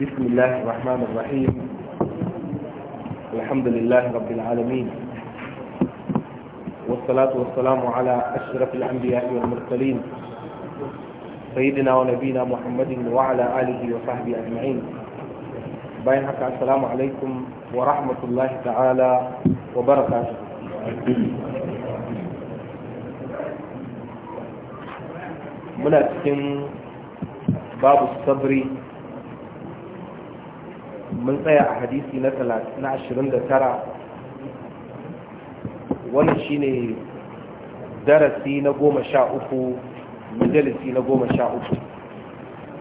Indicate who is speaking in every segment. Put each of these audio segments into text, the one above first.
Speaker 1: بسم الله الرحمن الرحيم الحمد لله رب العالمين والصلاة والسلام على أشرف الأنبياء والمرسلين سيدنا ونبينا محمد وعلى آله وصحبه أجمعين باين حتى السلام عليكم ورحمة الله تعالى وبركاته من cikin باب الصبر mun tsaya a hadisi na 29 wannan shine darasi na goma sha uku majalisi na goma sha uku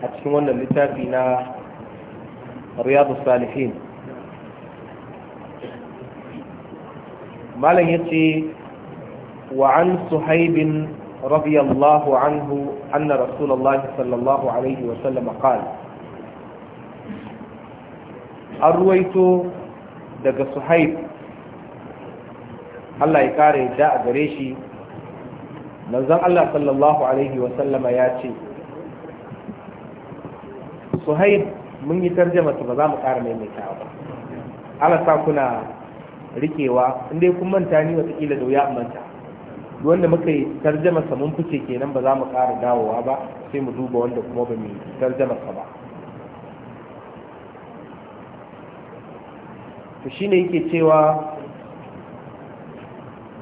Speaker 1: a cikin wannan littafi na riyadu salihin malam ya ce wa an suhaibin radiyallahu anhu na rasulullahi sallallahu alaihi wasallam qala an ruwaito daga suhaib Allah ya kare da a gare shi manzon Allah sallallahu alaihi wasallama ya ce suhaib mun yi tarjama ba za mu ƙara maimaitawa ba ala sa kuna rikewa inda kun manta ni watakila da wuya manta wanda muka yi tarjamasa sa mun fice kenan ba za mu ƙara dawowa ba sai mu duba wanda kuma ba mu tarjama sa ba to ne yake cewa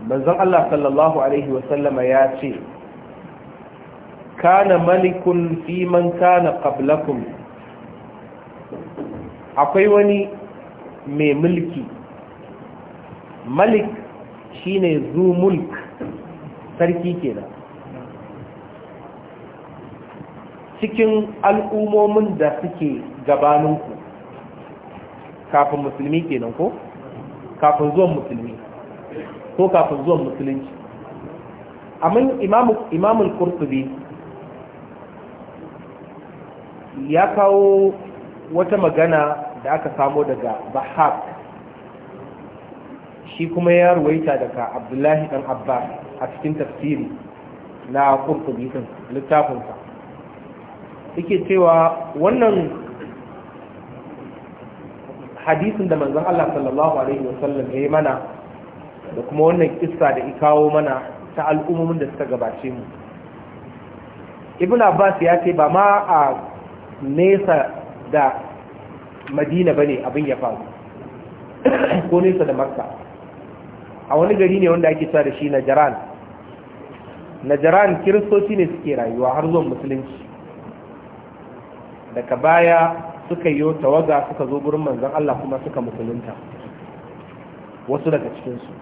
Speaker 1: manzon Allah sallallahu alaihi wasallama ya ce kana malikun fi man kana qablakum akwai wani mai mulki malik shine zu mulk sarki kenan cikin al'umomin da suke gabaninku kafin musulmi kenan ko kafin zuwan musulmi ko kafin zuwan musulunci amma imamul kurtubi ya kawo wata magana da aka samo daga bahak shi kuma ya ruwaita daga abdullahi dan abbas a cikin tafsiri na kurtubi littafinsa yake cewa wannan hadisin da manzon Allah sallallahu alaihi wasallam ya yi mana da kuma wannan kissa da kawo mana ta al'ummomin da suka gabace mu ibn abbas ya ce ba ma a nesa da madina bane abin ya faru ko nesa da makka a wani gari ne wanda ake cewa da shi najran najran kiristoci ne suke rayuwa har zuwan musulunci daga baya suka yi tawaga suka zo gurin manzan Allah kuma suka musulunta wasu daga cikinsu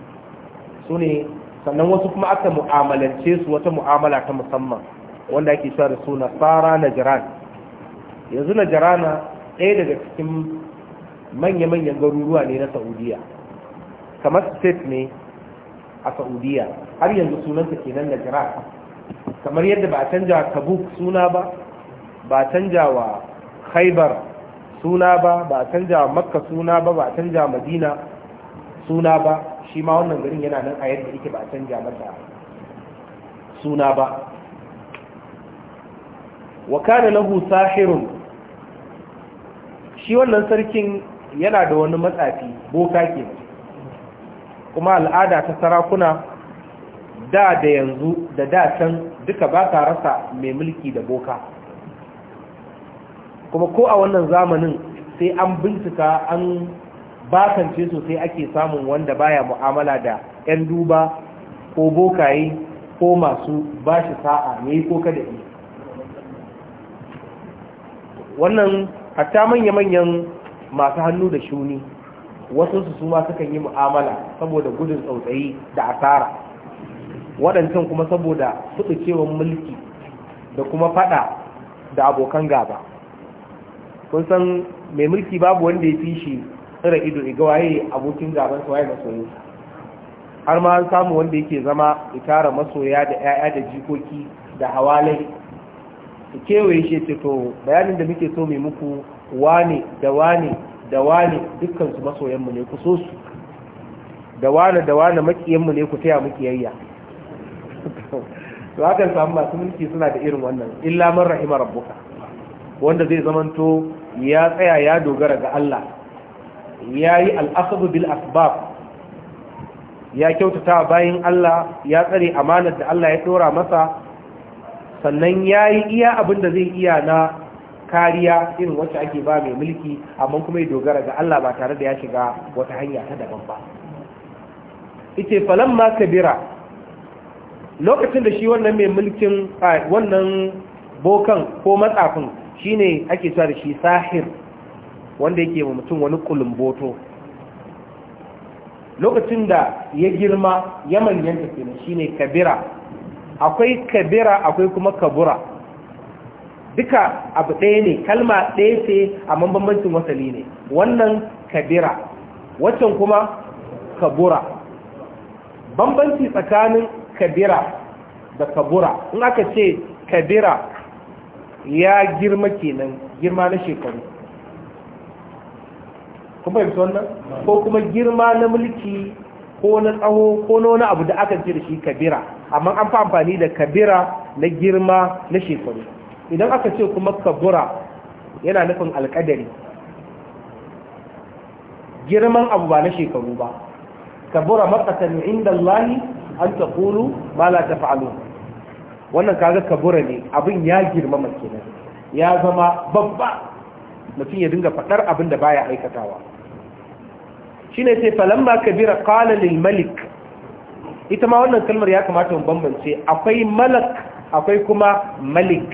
Speaker 1: su ne sannan wasu kuma aka mu'amalance su wata mu'amala ta musamman wanda ake shi da suna fara na jiran yanzu na jirana ɗaya daga cikin manya-manyan garuruwa ne na saudiya kamar state ne a saudiya har yanzu sunanta kenan na jiran kamar yadda ba a canja kabuk suna ba ba a canja wa khaibar suna ba ba a canja makka suna ba ba a canja madina suna ba shi ma wannan garin yana nan a yadda yake ba a canja mata suna ba wa kana lahu sahirun shi wannan sarkin yana da wani matsafi boka ke kuma al'ada ta sarakuna da da yanzu da da can duka ba ta rasa mai mulki da boka kuma ko a wannan zamanin sai an bincika an bakance sosai ake samun wanda baya mu'amala da 'yan duba ko bokaye ko masu bashi shi sa'a ne ko kada ne wannan hatta manya-manyan masu hannu da shuni wasu su suma sukan yi mu'amala saboda gudun tsautsayi da asara waɗancan kuma saboda suɗucewan mulki da kuma faɗa da abokan gaba kun san mai mulki babu wanda ya fi shi tsira ido ga waye abokin gaban sa waye masoyi har ma an samu wanda yake zama ya tara masoya da 'ya'ya da jikoki da hawalai Ke kewaye shi ce to bayanin da muke so mai muku wane da wane da wane dukkan su masoyan mu ne ku so su da wane da wane makiyan mu ne ku taya mu kiyayya to hakan samu masu mulki suna da irin wannan illa man rahima rabbuka wanda zai zamanto ya tsaya ya dogara ga Allah ya yi al'asabu bil asbab ya kyautata bayan Allah ya tsare amanar da Allah ya ɗora masa sannan ya yi iya abin da zai iya na kariya irin wacce ake ba mai mulki amma kuma ya dogara ga Allah ba tare da ya shiga wata hanya ta daban ba ita ma kabira lokacin da shi wannan mai mulkin wannan bokan ko matsafin Shi ne ake sa da shi sahir wanda yake ma mutum wani kulumboto lokacin da ya girma ya manyanta shi ne kabira akwai kabira akwai kuma kabura duka abu ɗaya ne kalma ɗaya ce a bambancin wasali ne wannan kabira waccan kuma kabura bambanci tsakanin kabira da kabura in aka ce kabira ya girma kenan girma na shekaru kuma yi wannan ko kuma girma na mulki ko na tsawo ko na wani abu da aka ce da shi kabira amma an fi amfani da kabira na girma na shekaru idan aka ce kuma kabura yana nufin alkadari girman abu ba na shekaru ba kabura matsakanin inda Allahi an taƙulu ba la ta wannan kaga kabura ne abin ya girmama kenan ya zama babba mutum ya dinga faɗar abin da baya aikatawa shine sai falamma kabira qala lil malik ita ma wannan kalmar ya kamata mu bambance akwai malak akwai kuma malik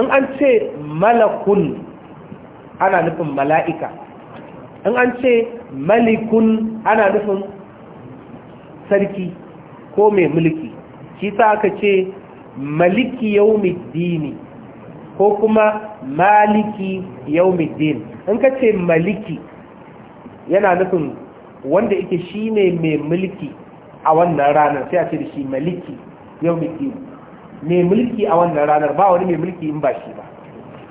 Speaker 1: in an ce malakun ana nufin mala'ika in an ce malikun ana nufin sarki ko mai mulki shi sa aka ce maliki dini, ko kuma maliki dini. in ka ce maliki yana nufin wanda yake ne mai mulki a wannan ranar sai a ce da shi maliki dini. mai mulki a wannan ranar ba wani mai mulki in ba shi ba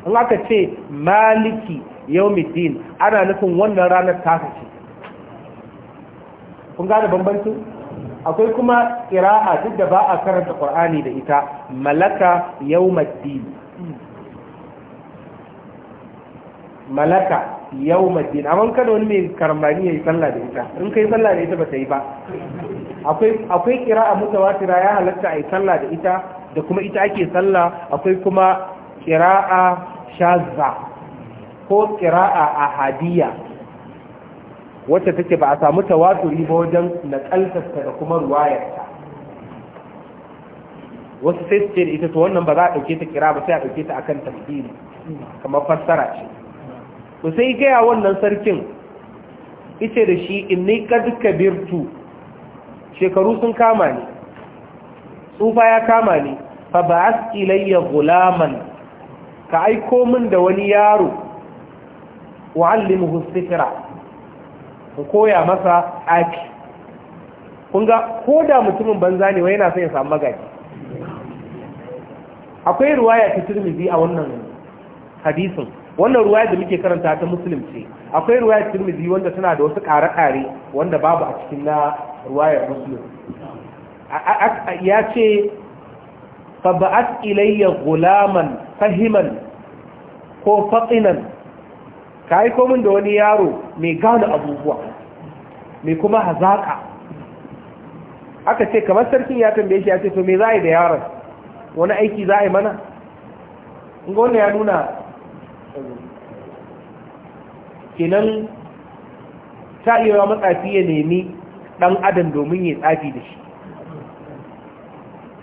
Speaker 1: in aka ce maliki dini, ana nufin wannan ranar ta ce kun gane bambancin akwai kuma ƙira'a duk da ba a karanta ƙur'ani da ita malaka yawmaddin malaka A amma kada wani mai karambani ya yi sallah da ita in kai sallah da ita ba ta yi ba akwai ƙira'a mutawatira ya halatta a yi sallah da ita da kuma ita ake sallah akwai kuma ƙira'a shazza ko ƙira'a ahadiyya wacce take ba a samu tawaturi ba wajen na kaltasta da kuma ruwayarta wasu sai su ce da ita to wannan ba za a ɗauke ta kira ba sai a ɗauke ta akan tafsiri kamar fassara ce to sai gaya wannan sarkin ita da shi in ni kad kabirtu shekaru sun kama ni tsufa ya kama ni fa ba'as ilayya gulaman ka aiko min da wani yaro wa'allimuhu sihra mu koya masa aki kun ga ko da mutumin banza ne wai yana son ya samu magaji akwai ruwaya ta turmizi a wannan hadisin wannan ruwaya da muke karanta ta muslim ce akwai ruwaya turmizi wanda tana da wasu ƙare-ƙare wanda babu a cikin na ruwayar muslim ya ce faba'at ilayya gulaman fahiman ko faɗinan. ka aiko min da wani yaro mai gane abubuwa mai kuma hazaka aka ce kamar sarkin ya tambaye shi ya ce to me za a yi da yaron wani aiki za a yi mana inga wannan ya nuna kenan ta iya matsafi ya nemi ɗan adam domin ya tsafi da shi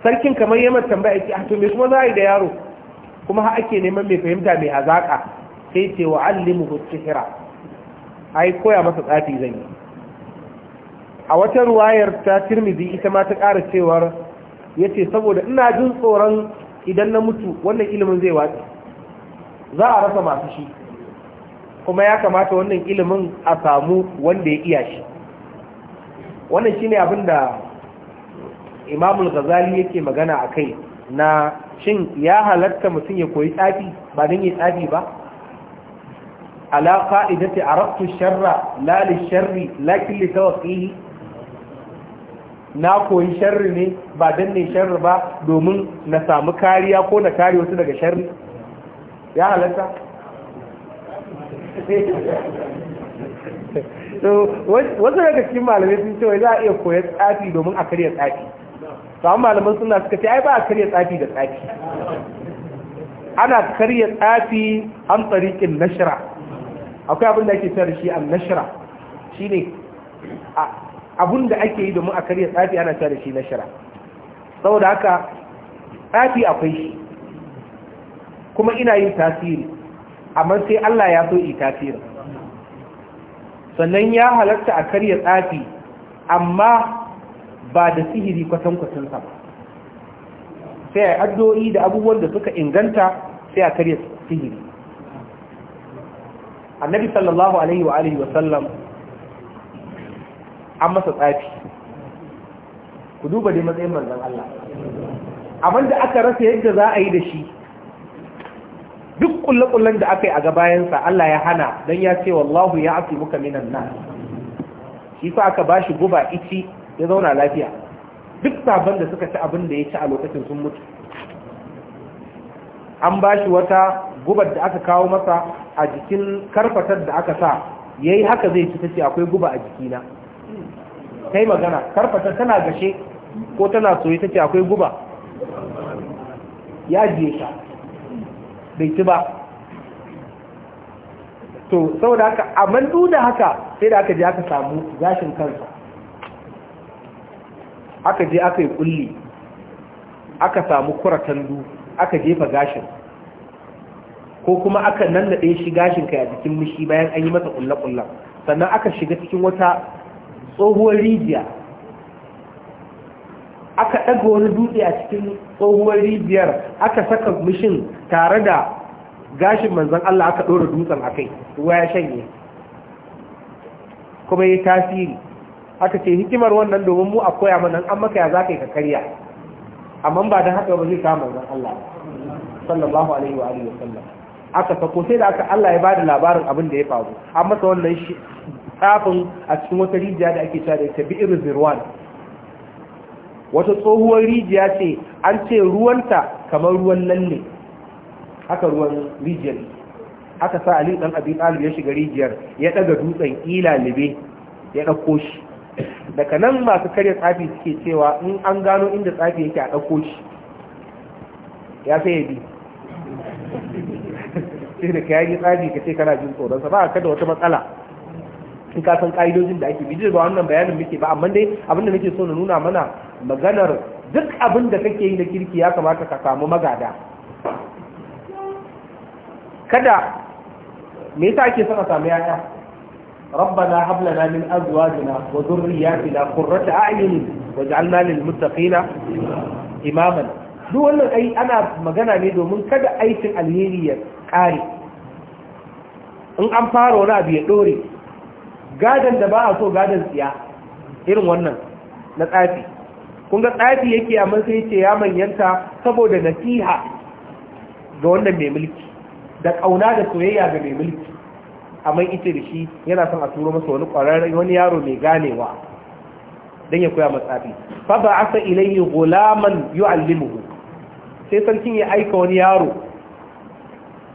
Speaker 1: sarkin kamar yamar tambaya aiki, a ah, to me kuma za a yi da yaro kuma ha ake neman mai fahimta mai hazaka sai ce wa allimuhu A ai koya masa tsafi zan a wata ruwayar ta tirmidhi ita ma ta ƙara cewar yace saboda ina jin tsoron idan na mutu wannan ilimin zai watsi za a rasa masu shi kuma ya kamata wannan ilimin a samu wanda ya iya shi wannan shine abin da imamul ghazali yake magana a kai na shin ya halatta mutum ya koyi tsafi ba don yi tsafi ba على قائدة عرفت الشر لا للشر sharri lakin na koyi sharri ne ba dan ne sharri ba domin na samu kariya ko na kare wasu daga sharri ya halatta wasu daga cikin malamai sun ce za a iya koya tsafi domin a karya tsafi to malaman suna suka ce ai ba a karya tsafi da tsafi ana karya tsafi an tsarikin nashira akwai abin da ake sayar shi an shi shine abin da ake yi domin a karya tsafi ana sayar shi nashra saboda haka tsafi akwai shi kuma ina yin tasiri amma sai Allah ya so yi tasiri sannan ya halatta a karya tsafi amma ba da sihiri kwatan sa sai a addu'o'i da abubuwan da suka inganta sai a karya sihiri annabi sallallahu alaihi wa alihi wa sallam an masa tsafi ku duba dai matsayin manzon Allah abinda da aka rasa yadda za a yi da shi duk kullakullan da aka yi a ga sa Allah ya hana don ya ce wallahu ya afi muka minan nan shi fa aka bashi guba ici ya zauna lafiya duk sabon da suka ci abin da ya ci a lokacin sun mutu an bashi wata gubar da aka kawo masa a jikin karfatar da aka sa ya yi haka zai ci ta ce akwai guba a jikina ta yi magana karfatar tana gashe ko tana soye ta ce akwai guba ya ji ta bai ci ba to saboda haka amma duk da haka sai da aka je aka samu gashin kansa aka je aka yi kulli aka samu kuratan du aka jefa gashin ko kuma aka nannaɗe shi gashin kai a jikin mishi bayan an yi masa ƙulla-ƙulla sannan aka shiga cikin wata tsohuwar rijiya aka ɗaga wani dutse a cikin tsohuwar rijiyar aka saka mishin tare da gashin manzan Allah aka ɗora dutsen a kai ruwa ya shanye kuma ya tasiri aka ce hikimar wannan domin mu a koya mana an maka ya za ka yi ka karya amma ba don haka ba zai kama manzan Allah sallallahu alaihi wa sallam aka sako sai da aka Allah ya ba da labarin abin da ya faru an masa wannan tsafin a cikin wata rijiya da ake cewa da ita irin zirwan wata tsohuwar rijiya ce an ce ruwanta kamar ruwan lalle haka ruwan rijiyar haka sa alin dan abin Talib ya shiga rijiyar ya daga dutsen libe ya dauko shi daga nan masu karya tsafi suke cewa in an gano inda tsafi yake a dauko shi ya sai ya bi sai da yi tsari ka ce kana jin tsoron sa ba ka da wata matsala in ka san ka'idojin da ake bijir ba wannan bayanin muke ba amma dai abin da nake so na nuna mana maganar duk abin da kake yi na kirki ya kamata ka samu magada kada me yasa ake son a samu yaya ربنا هب لنا من ازواجنا وذرياتنا قرة اعين واجعلنا للمتقين اماما duk wannan ai ana magana ne domin kada aikin alheri ya Ƙari in an fara wani abu ya ɗore gadon da ba a so gadon tsiya irin wannan na tsafi kun ga tsafi yake amma sai ce ya manyanta saboda nasiha ga wannan mai mulki da ƙauna da soyayya ga mai mulki amma ita da shi yana son a turo masa wani ƙwararren wani yaro mai ganewa don ya koya matsafi fa ba sa ilayi gulaman allimu sai sarkin ya aika wani yaro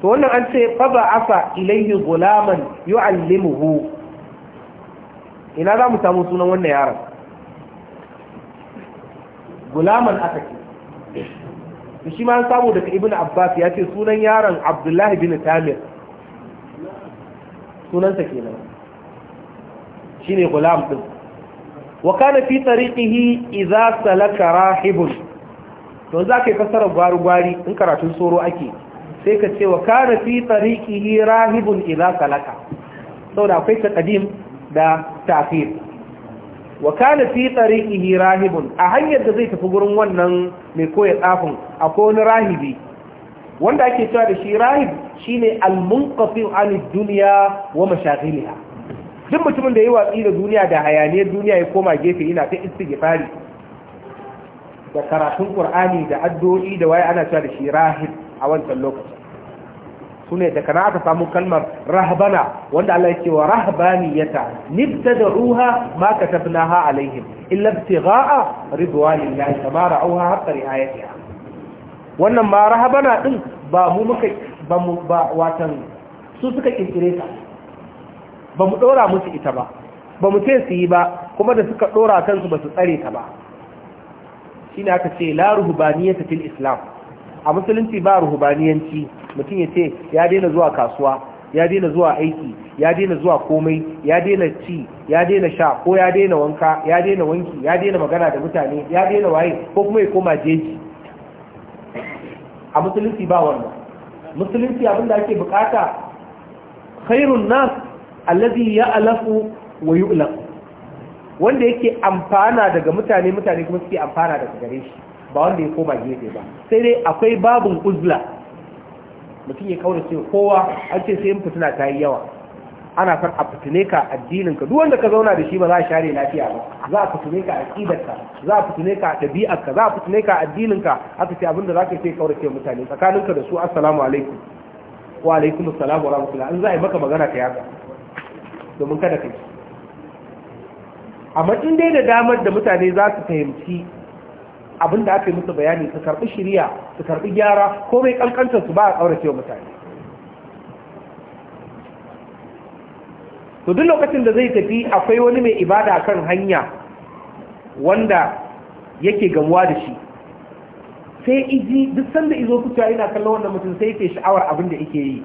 Speaker 1: to wannan an ce faba asa ilayhi gulaman yu'allimuhu ina za mu samu sunan wannan yaron gulaman aka ce shi ma an samu daga ibn abbas ya ce sunan yaron abdullahi bin tamir sunansa kenan shine gulam din wa kana fi tariqihi idza salaka rahibun to za ka fassara gwari-gwari in karatun tsoro ake sai ka ce wa kana fi tariqihi rahibun idza salaka da akwai taqdim da ta'khir wa kana fi tariqihi rahibun a hanyar da zai tafi gurin wannan mai koya tsafin akwai wani rahibi wanda ake cewa da shi rahib shine al-munqati anid duniya wa mashahiliya. duk mutumin da yi watsi da duniya da hayaniyar duniya ya koma gefe ina ta istighfari da karatun ƙur'ani da addu'o'i da waye ana cewa da shi rahib a wancan lokacin sune da kana aka samu kalmar rahbana wanda Allah ce wa rahbaniyata nibtada'uha ma katabnaha alaihim illa ibtigha'a ridwanillahi kama ra'awha hatta ri'ayatiha wannan ma rahbana din ba mu muka ba mu ba watan su suka kirkire ta ba mu dora musu ita ba ba mu ce su yi ba kuma da suka dora kansu ba su tsare ta ba shine aka ce la ruhbaniyata fil islam a musulunci ba ruhubaniyanci mutum ya ce ya daina zuwa kasuwa ya daina zuwa aiki ya daina zuwa komai ya daina ci ya daina sha ko ya daina wanka ya daina wanki ya daina magana da mutane ya daina waye ko kuma ya koma jeji a musulunci ba wannan musulunci abinda ake bukata khairun nas allazi ya'lafu wa yu'laq wanda yake amfana daga mutane mutane kuma suke amfana daga gare shi ba wanda ya koma gefe ba sai dai akwai babin uzla mutum ya kaura ce kowa an ce sai in fitina ta yi yawa ana son a fitine ka addinin ka duk wanda ka zauna da shi ba za a share lafiya ba za a fitine ka aqidar ka za a fitine ka dabi'ar ka za a fitine ka addinin ka Haka ce abinda zaka ce kaura ce mutane Tsakanin ka da su assalamu alaikum wa alaikum assalam wa rahmatullah an za a yi maka magana ta yaka domin kada kai amma in dai da damar da mutane za su fahimci abin da aka yi musu bayani su karbi shirya su karbi gyara ko mai kalkantar su ba a wa mutane to duk lokacin da zai tafi akwai wani mai ibada kan hanya wanda yake gamuwa da shi sai iji duk sanda izo fitowa yana kallon wannan mutum sai ke sha'awar abin da yake yi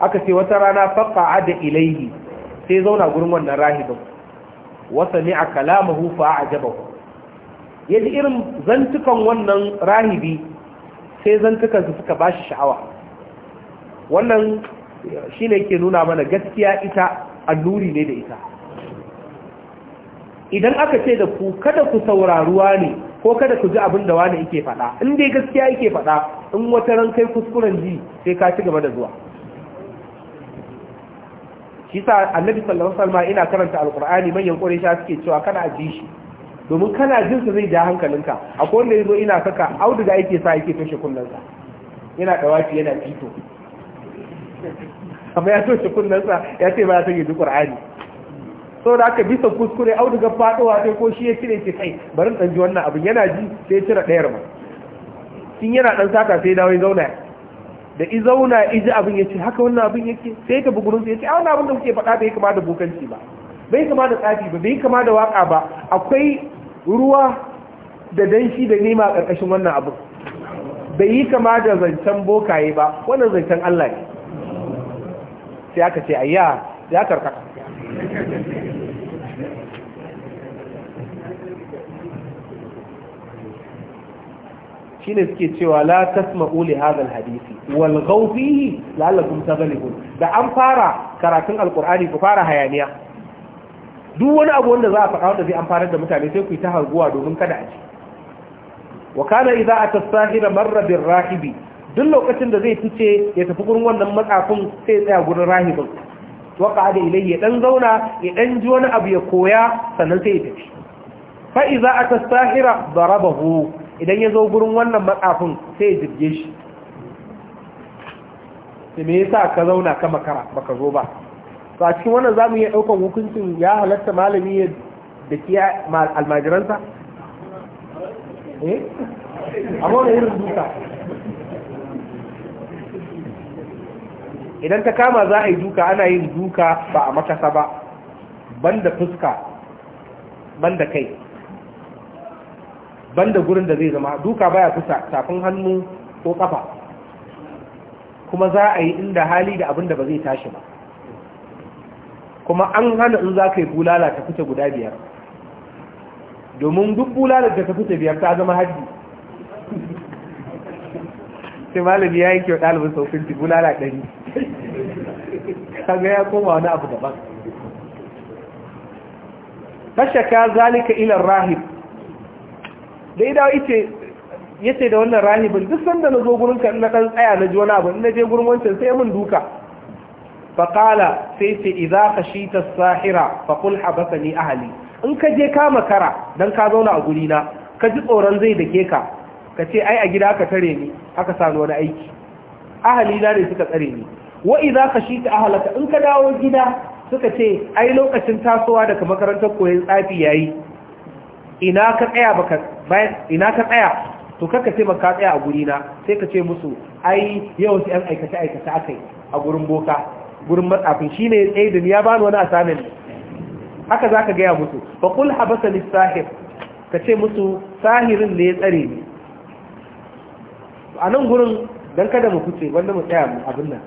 Speaker 1: aka ce wata rana faƙa'a da ilaihi sai zauna gurin wannan rahibin wasa ne a kalamahu jabahu ya ji irin zantukan wannan rahibi sai zantukan su suka ba shi sha'awa wannan shi ne ke nuna mana gaskiya ita alluri ne da ita idan aka ce da ku kada ku sauraruwa ne ko kada ku ji abin da wani ike faɗa in dai gaskiya ike faɗa in wata ran kai kuskuren ji sai ka ci gaba da zuwa shi sa annabi sallallahu alaihi wasallam ina karanta alqur'ani manyan shi suke cewa kana ji shi domin kana jin su zai ja hankalinka akwai wanda yazo ina saka auduga yake sa yake toshe kunnensa yana dawaci yana fito amma ya toshe kunnensa ya ce ba ya sanya duk qur'ani so da aka bisa kuskure auduga fadowa sai ko shi ya cire ce kai bari in ji wannan abin yana ji sai cire ɗayar ma sun yana dan saka sai dawo ya zauna da i zauna iji abin ya ce haka wannan abin yake sai ka bugurin sai ya ce a wannan abin da kuke faɗa bai kama da bukanci ba bai kama da tsafi ba bai kama da waka ba akwai ruwa da danshi da nema a ƙarƙashin wannan abu bai yi kama da zancen bokaye ba wannan zancen Allah ne sai aka ce ayya ya karkata shi ne suke cewa la tasma uli hadha hadisi wal ghawfihi la'allakum da an fara karatun Alƙur'ani, ku fara hayaniya duk wani abu wanda za a faɗa wanda zai amfanar da mutane sai ku yi ta harguwa domin kada a ci wa kana a ta sahira marrabin rahibi duk lokacin da zai fice ya tafi gurin wannan matsafin sai ya tsaya gurin rahibin wa da ilai ya ɗan zauna ya ɗan ji wani abu ya koya sannan sai ya tafi fa da raba hu idan ya zo gurin wannan matsafin sai ya jirge shi me yasa ka zauna ka makara baka zo ba to a cikin wannan za mu iya ɗaukan hukuncin ya halatta malami da ke almajiransa
Speaker 2: eh amma wani irin duka idan ta kama
Speaker 1: za a yi duka ana yin duka ba a makasa ba banda fuska banda kai banda gurin da zai zama duka baya kusa tafin hannu ko kafa kuma za a yi inda hali da abin da ba zai tashi ba kuma an hana in za ka yi bulala ta fita guda biyar domin duk bulala da ta fita biyar ta zama hajji. sai malami ya yi kyau ɗalibin saukin 50 bulala ɗari kaga ya koma wani abu daban fashaka zalika ilan rahib da idawa ita ya ce da wannan rahibin duk sanda na zo gurin ka na kan tsaya na ji wani abu na je gurin wancan sai mun duka faƙala sai ce iza ka shi ta sahira faƙul habasa ni ahali in ka je ka makara don ka zauna a gurina ka ji tsoron zai dake ka ka ce ai a gida ka tare ni aka sani wani aiki ahali na ne suka tsare ni ka shi ta in ka dawo gida suka ce ai lokacin tasowa daga makarantar koyon tsafi yayi ina ka tsaya baka bayan ina ka tsaya to kaka ce maka tsaya a guri sai ka ce musu ai yau sai an aikata-aikata aikata akai a gurin boka gurin matsafin shi ne ya tsaye ya bani wani asamin haka za ka gaya musu ba kul habasa ni sahir ka ce musu sahirin ne ya tsare ni a nan gurin don kada mu kuce wanda mu tsaya mu abin nan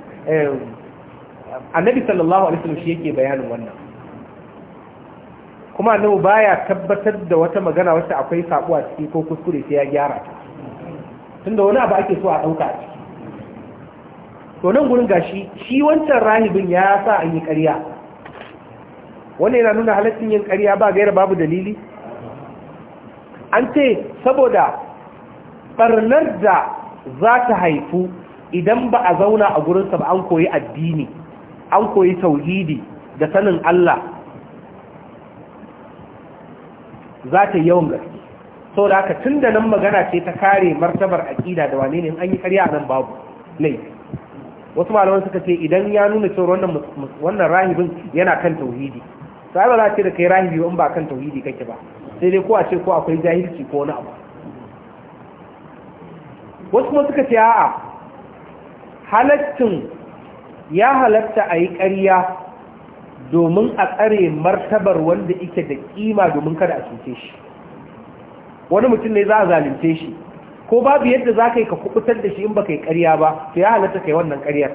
Speaker 1: annabi sallallahu alaihi wasallam shi yake bayanin wannan kuma annabi baya tabbatar da wata magana wacce akwai sabuwa ciki ko kuskure sai ya gyara tunda wani abu ake so a dauka a ciki to nan gurin gashi shi wancan rahibin ya sa an yi ƙarya wannan yana nuna halittin yin ƙarya ba gaira babu dalili an ce saboda ɓarnar da za ta haifu idan ba a zauna a gurinsa ba an koyi addini an koyi tauhidi da sanin Allah za ta yawan gaske sau da haka tun da nan magana ce ta kare martabar aƙida da wane ne an yi ƙarya nan babu laifi wasu malaman suka ce idan ya nuna cewa wannan wannan rahibin yana kan tauhidi sai ba za ce da kai rahibi in ba kan tauhidi kake ba sai dai ko a ce ko akwai jahilci ko wani abu wasu kuma suka ce a'a halaccin ya halatta a yi ƙarya domin a tsare martabar wanda ike da ƙima domin kada a cuce shi wani mutum ne za a zalunce shi ko babu yadda za ka yi ka kubutar da shi in ba ka yi ƙarya ba to ya halatta ka yi wannan ƙaryar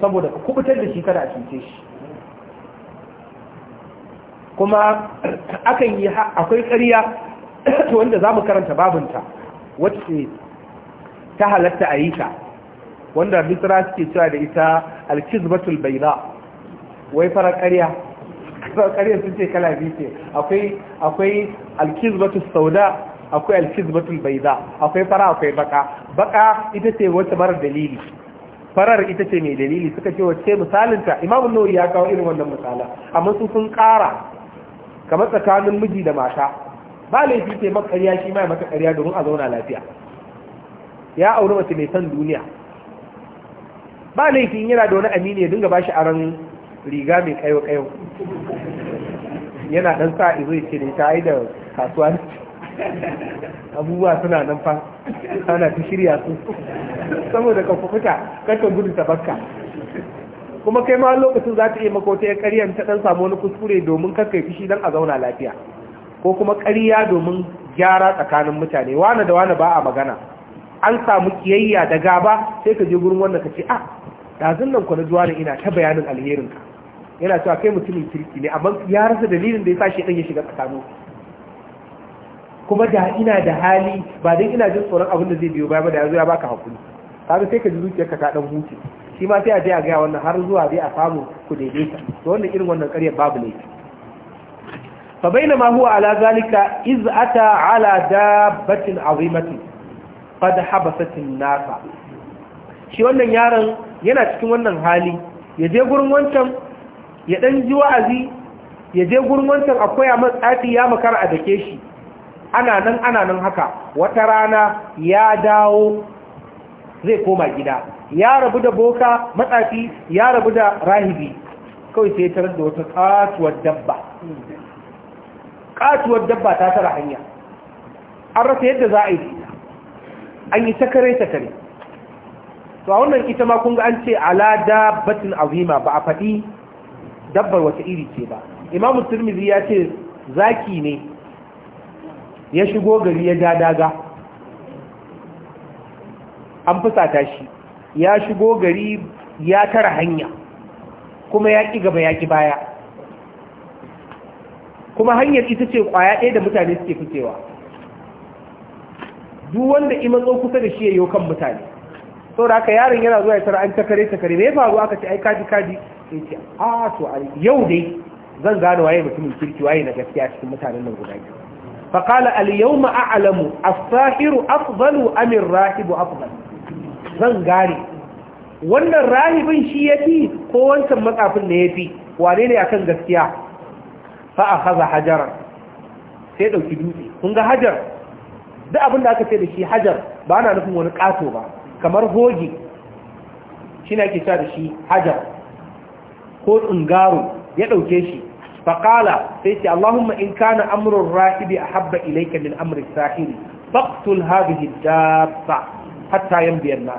Speaker 1: saboda ka kubutar da shi kada a cince shi kuma akan yi akwai ƙarya wanda za mu karanta babinta wacce ta halatta a yi ta wanda litera suke cewa da ita alkiz batul bai baina wai farar ƙarya farar ƙarya sun ce kala biyu ce akwai alkiz batul sauda akwai alkizbatul baiza akwai fara akwai baka baka ita ce wata marar dalili farar ita ce mai dalili suka ce wacce misalinta imamu Nuri ya kawo irin wannan misalan amma su sun kara kamar tsakanin miji da mata ba laifi ce maka shi mai ya maka domin a zauna lafiya ya auri mace mai son duniya ba laifin yana da wani amini ya dinga ba shi riga mai kayo-kayo yana dan sa izo ya ce da ta yi da kasuwa abubuwa suna nan fa ana ta shirya su saboda ka fita kanta gudu ta bakka kuma kai ma lokacin za ta iya makota ya karyar ta dan samu wani kuskure domin kakka yi fushi don a zauna lafiya ko kuma ƙarya domin gyara tsakanin mutane wane da wane ba a magana an samu kiyayya da gaba sai ka je gurin wannan ka ce ah zan nan ku na da ina ta bayanin alherinka yana cewa kai mutumin kirki ne amma ya rasa dalilin da ya sa shi ɗan ya shiga tsakanin kuma da ina da hali ba dai ina jin tsoron abin da zai biyo ba da yanzu ya baka hakuri kaga sai ka ji zuciyarka ka dan huce shi ma sai a je a ga wannan har zuwa dai a samu ku daidaita to wannan irin wannan ƙaryar babu ne fa bainama huwa ala zalika iz ata ala dabbatin azimati qad habasatin nasa shi wannan yaron yana cikin wannan hali ya je gurin wancan ya dan ji wa'azi ya je gurin wancan akwai a tsafi ya makara a dake shi ana nan ana nan haka wata rana ya dawo zai koma gida ya rabu da boka matsafi ya rabu da rahibi kawai sai tarar da wata katuwar dabba katuwar dabba ta tara hanya an rasa yadda za a yi an yi takare-takare to a wannan ita ma kun ga an ce ala batin azima ba a faɗi dabbar wata iri ce ba imamu turmizi ya ce zaki ne ya shigo gari ya ja daga an fusata shi ya shigo gari ya tara hanya kuma ya ƙi gaba ya ƙi baya kuma hanyar ita ce ƙwaya ɗaya da mutane suke fitewa duk wanda imatso kusa da shi yi kan mutane sau da aka yaron yana zuwa ya tara an takare takare mai faru aka ce ai kaji kaji ya ce a ah, to yau dai zan gane waye mutumin kirki waye na gaskiya cikin mutanen nan guda biyu فقال اليوم a الساحر Afzalu Amin Rahibu أفضل zan gane wannan rahibin shi ya fi ko wancan matsafin da ya fi wane ne akan gaskiya fa'a haza hajarar sai ɗauki dutse kun ga hajar duk da aka ce da shi hajar ba na nufin wani ƙato ba kamar hoji shi na ke sa da shi hajar ko tsingaro ya ɗauke shi faƙala sai ce Allahumma in kana amrun rahibi a habba ilaika min amrin sahiri faqtul hadhihi dabba hatta yanbiya na.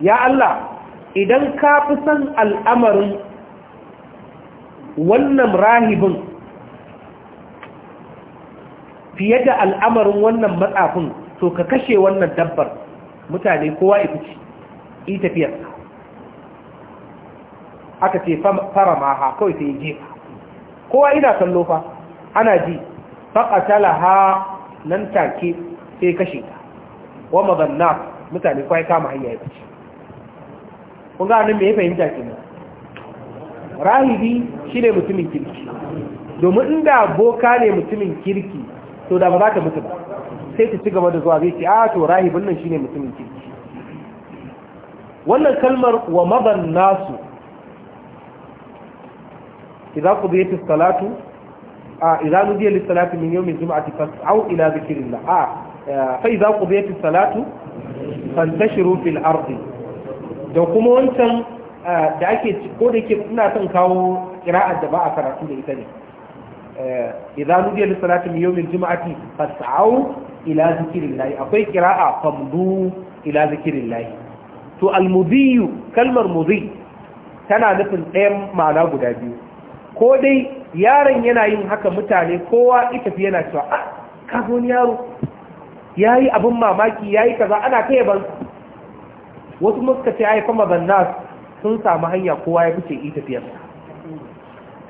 Speaker 1: ya Allah idan ka fi san al'amarin wannan rahibin fiye da al'amarin wannan matsafin to ka kashe wannan dabbar mutane kowa ya fice yi tafiyarsa aka ce fara maha kawai ta yi jefa kowa ina kallo fa ana ji faƙatala ha nan take sai kashe ta wa mazanna mutane kwa ya kama hanya ya kun ga nan me ya fahimta kenan rahibi shine mutumin kirki domin inda boka ne mutumin kirki to da ba za ta mutu ba sai ta ci gaba da zuwa zai ce a ah, to rahibin nan shine mutumin kirki wannan kalmar wa maban nasu idza qudiyatis salatu a idza nudiya lis salati min yawmil jum'ati fas'au ila dhikrillah a fa idza qudiyatis salatu fantashiru fil ardi da kuma wancan da ake ko da yake ina son kawo qira'ar da ba a karatu da ita ne idza nudiya lis salati min yawmil jum'ati fas'au ila dhikrillah akwai qira'a famdu ila dhikrillah to al-mudhi kalmar mudhi tana nufin ɗayan ma'ana guda biyu ko dai yaron yana yin haka mutane kowa ita fi yana cewa a ah, kafin yaro ya yi abin mamaki ya yi kaza ana kai ban wasu muska ce ai fama nas sun samu hanya kowa ya fice ita fi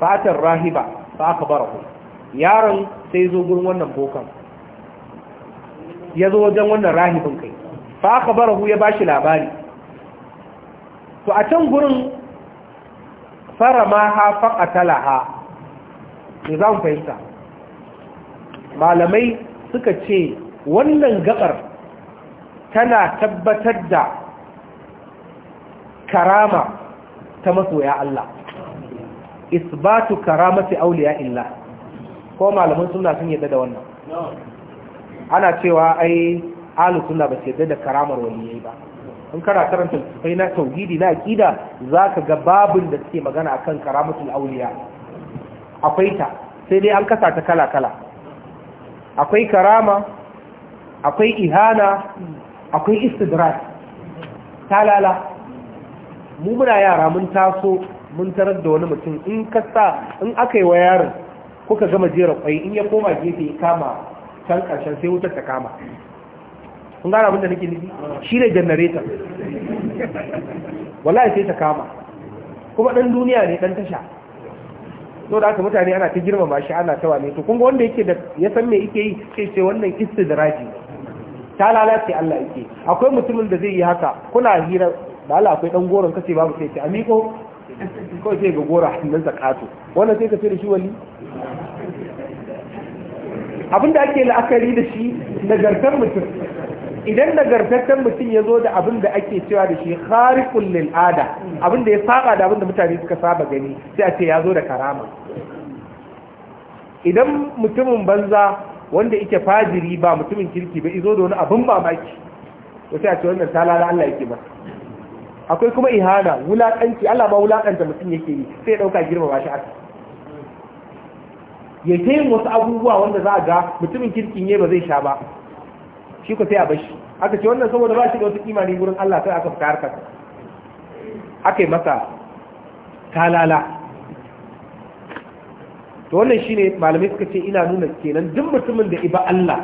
Speaker 1: fatar rahiba fa aka bara ku yaron sai zo gurin wannan bokan ya zo wajen wannan rahibin kai fa aka bara ya bashi labari to a can gurin farama ha faƙatala ha ne za mu fahimta malamai suka ce wannan gabar tana tabbatar da karama ta masoya Allah isbatu fi auliya illa ko malamin suna sun yadda da wannan ana cewa ai alu suna ba ce da karamar waliyai ba in kana karanta sai na tauhidi na aqida zaka ga babin da suke magana akan karamatul auliya akwai ta sai dai an kasa ta kala kala akwai karama akwai ihana akwai istidrak talala mu muna yara mun taso mun tarar da wani mutum in kasa in aka yi wa yaron kuka gama jera kwai in ya koma gefe ya kama can karshen sai wutar ta kama kun gara abin da nake nufi shi ne janareta wallahi sai ta kama kuma ɗan duniya ne ɗan tasha so da aka mutane ana ta girmama shi ana ta wane to kunga wanda yake da ya san me yake yi sai sai wannan istidraji ta lalace Allah yake akwai mutumin da zai yi haka kuna hira da Allah akwai dan goron kace babu sai ce amiko ko sai ga gora nan zakatu wannan sai ka ce da shi wali abinda ake la'akari da shi nagartar mutum idan nagartaccen mutum ya zo da abin da ake cewa da shi harikun lil ada abin da ya saba da abin da mutane suka saba gani sai a ce ya zo da karama idan mutumin banza wanda yake fajiri ba mutumin kirki ba izo da wani abin maki to sai a ce wannan talala Allah yake ba akwai kuma ihana wulakanci Allah ba wulakanta mutum yake yi sai ya dauka ba shi aka ya ta yin wasu abubuwa wanda za a ga mutumin kirkin ne ba zai sha ba shi ku sai a bashi aka ce wannan saboda ba shi da wata kima wurin gurin Allah sai aka fuka harkar aka yi masa talala to wannan shi ne malamai suka ce ina nuna kenan duk mutumin da iba Allah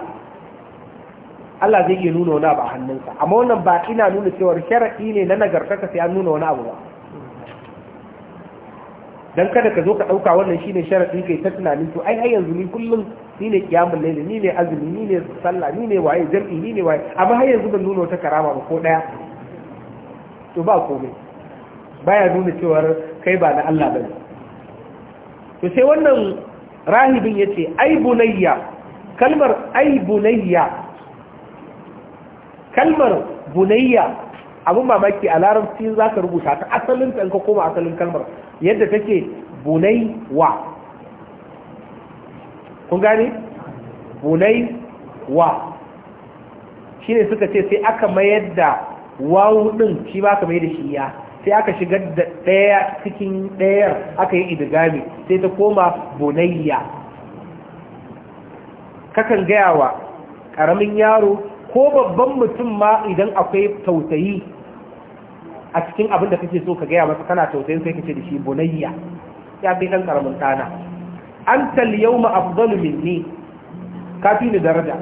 Speaker 1: Allah zai iya nuna wani abu a hannunsa amma wannan ba ina nuna cewar shara'i ne na nagartaka sai an nuna wani abu ba dan kada ka zo ka ɗauka wannan shine sharaɗi kai ta tunanin to ai har yanzu ni kullum ni ne kiyamul laili ni ne azumi ni ne sallah ni ne waye jam'i ni ne waye amma har yanzu ban nuna wata karama ba ko ɗaya to ba komai baya nuna cewar kai ba na Allah bane to sai wannan rahibin yace ai bunayya kalmar ai bunayya kalmar bunayya abin mamaki a larabci za ka rubuta ta asalin ta in ka koma asalin kalmar yadda take bunai wa kun gane bunai wa shi ne suka ce sai aka mayar da wawu ɗin shi ba ka mayar da shi ya sai aka shigar da ɗaya cikin ɗayar aka yi idigami sai ta koma bunayya kakan gaya wa ƙaramin yaro ko babban mutum ma idan akwai tausayi a cikin abin da kake so ka gaya masa kana tausayin sai kace da shi bunayya ya kai kan karamin tana anta al-yawma afdalu minni ka fi ni daraja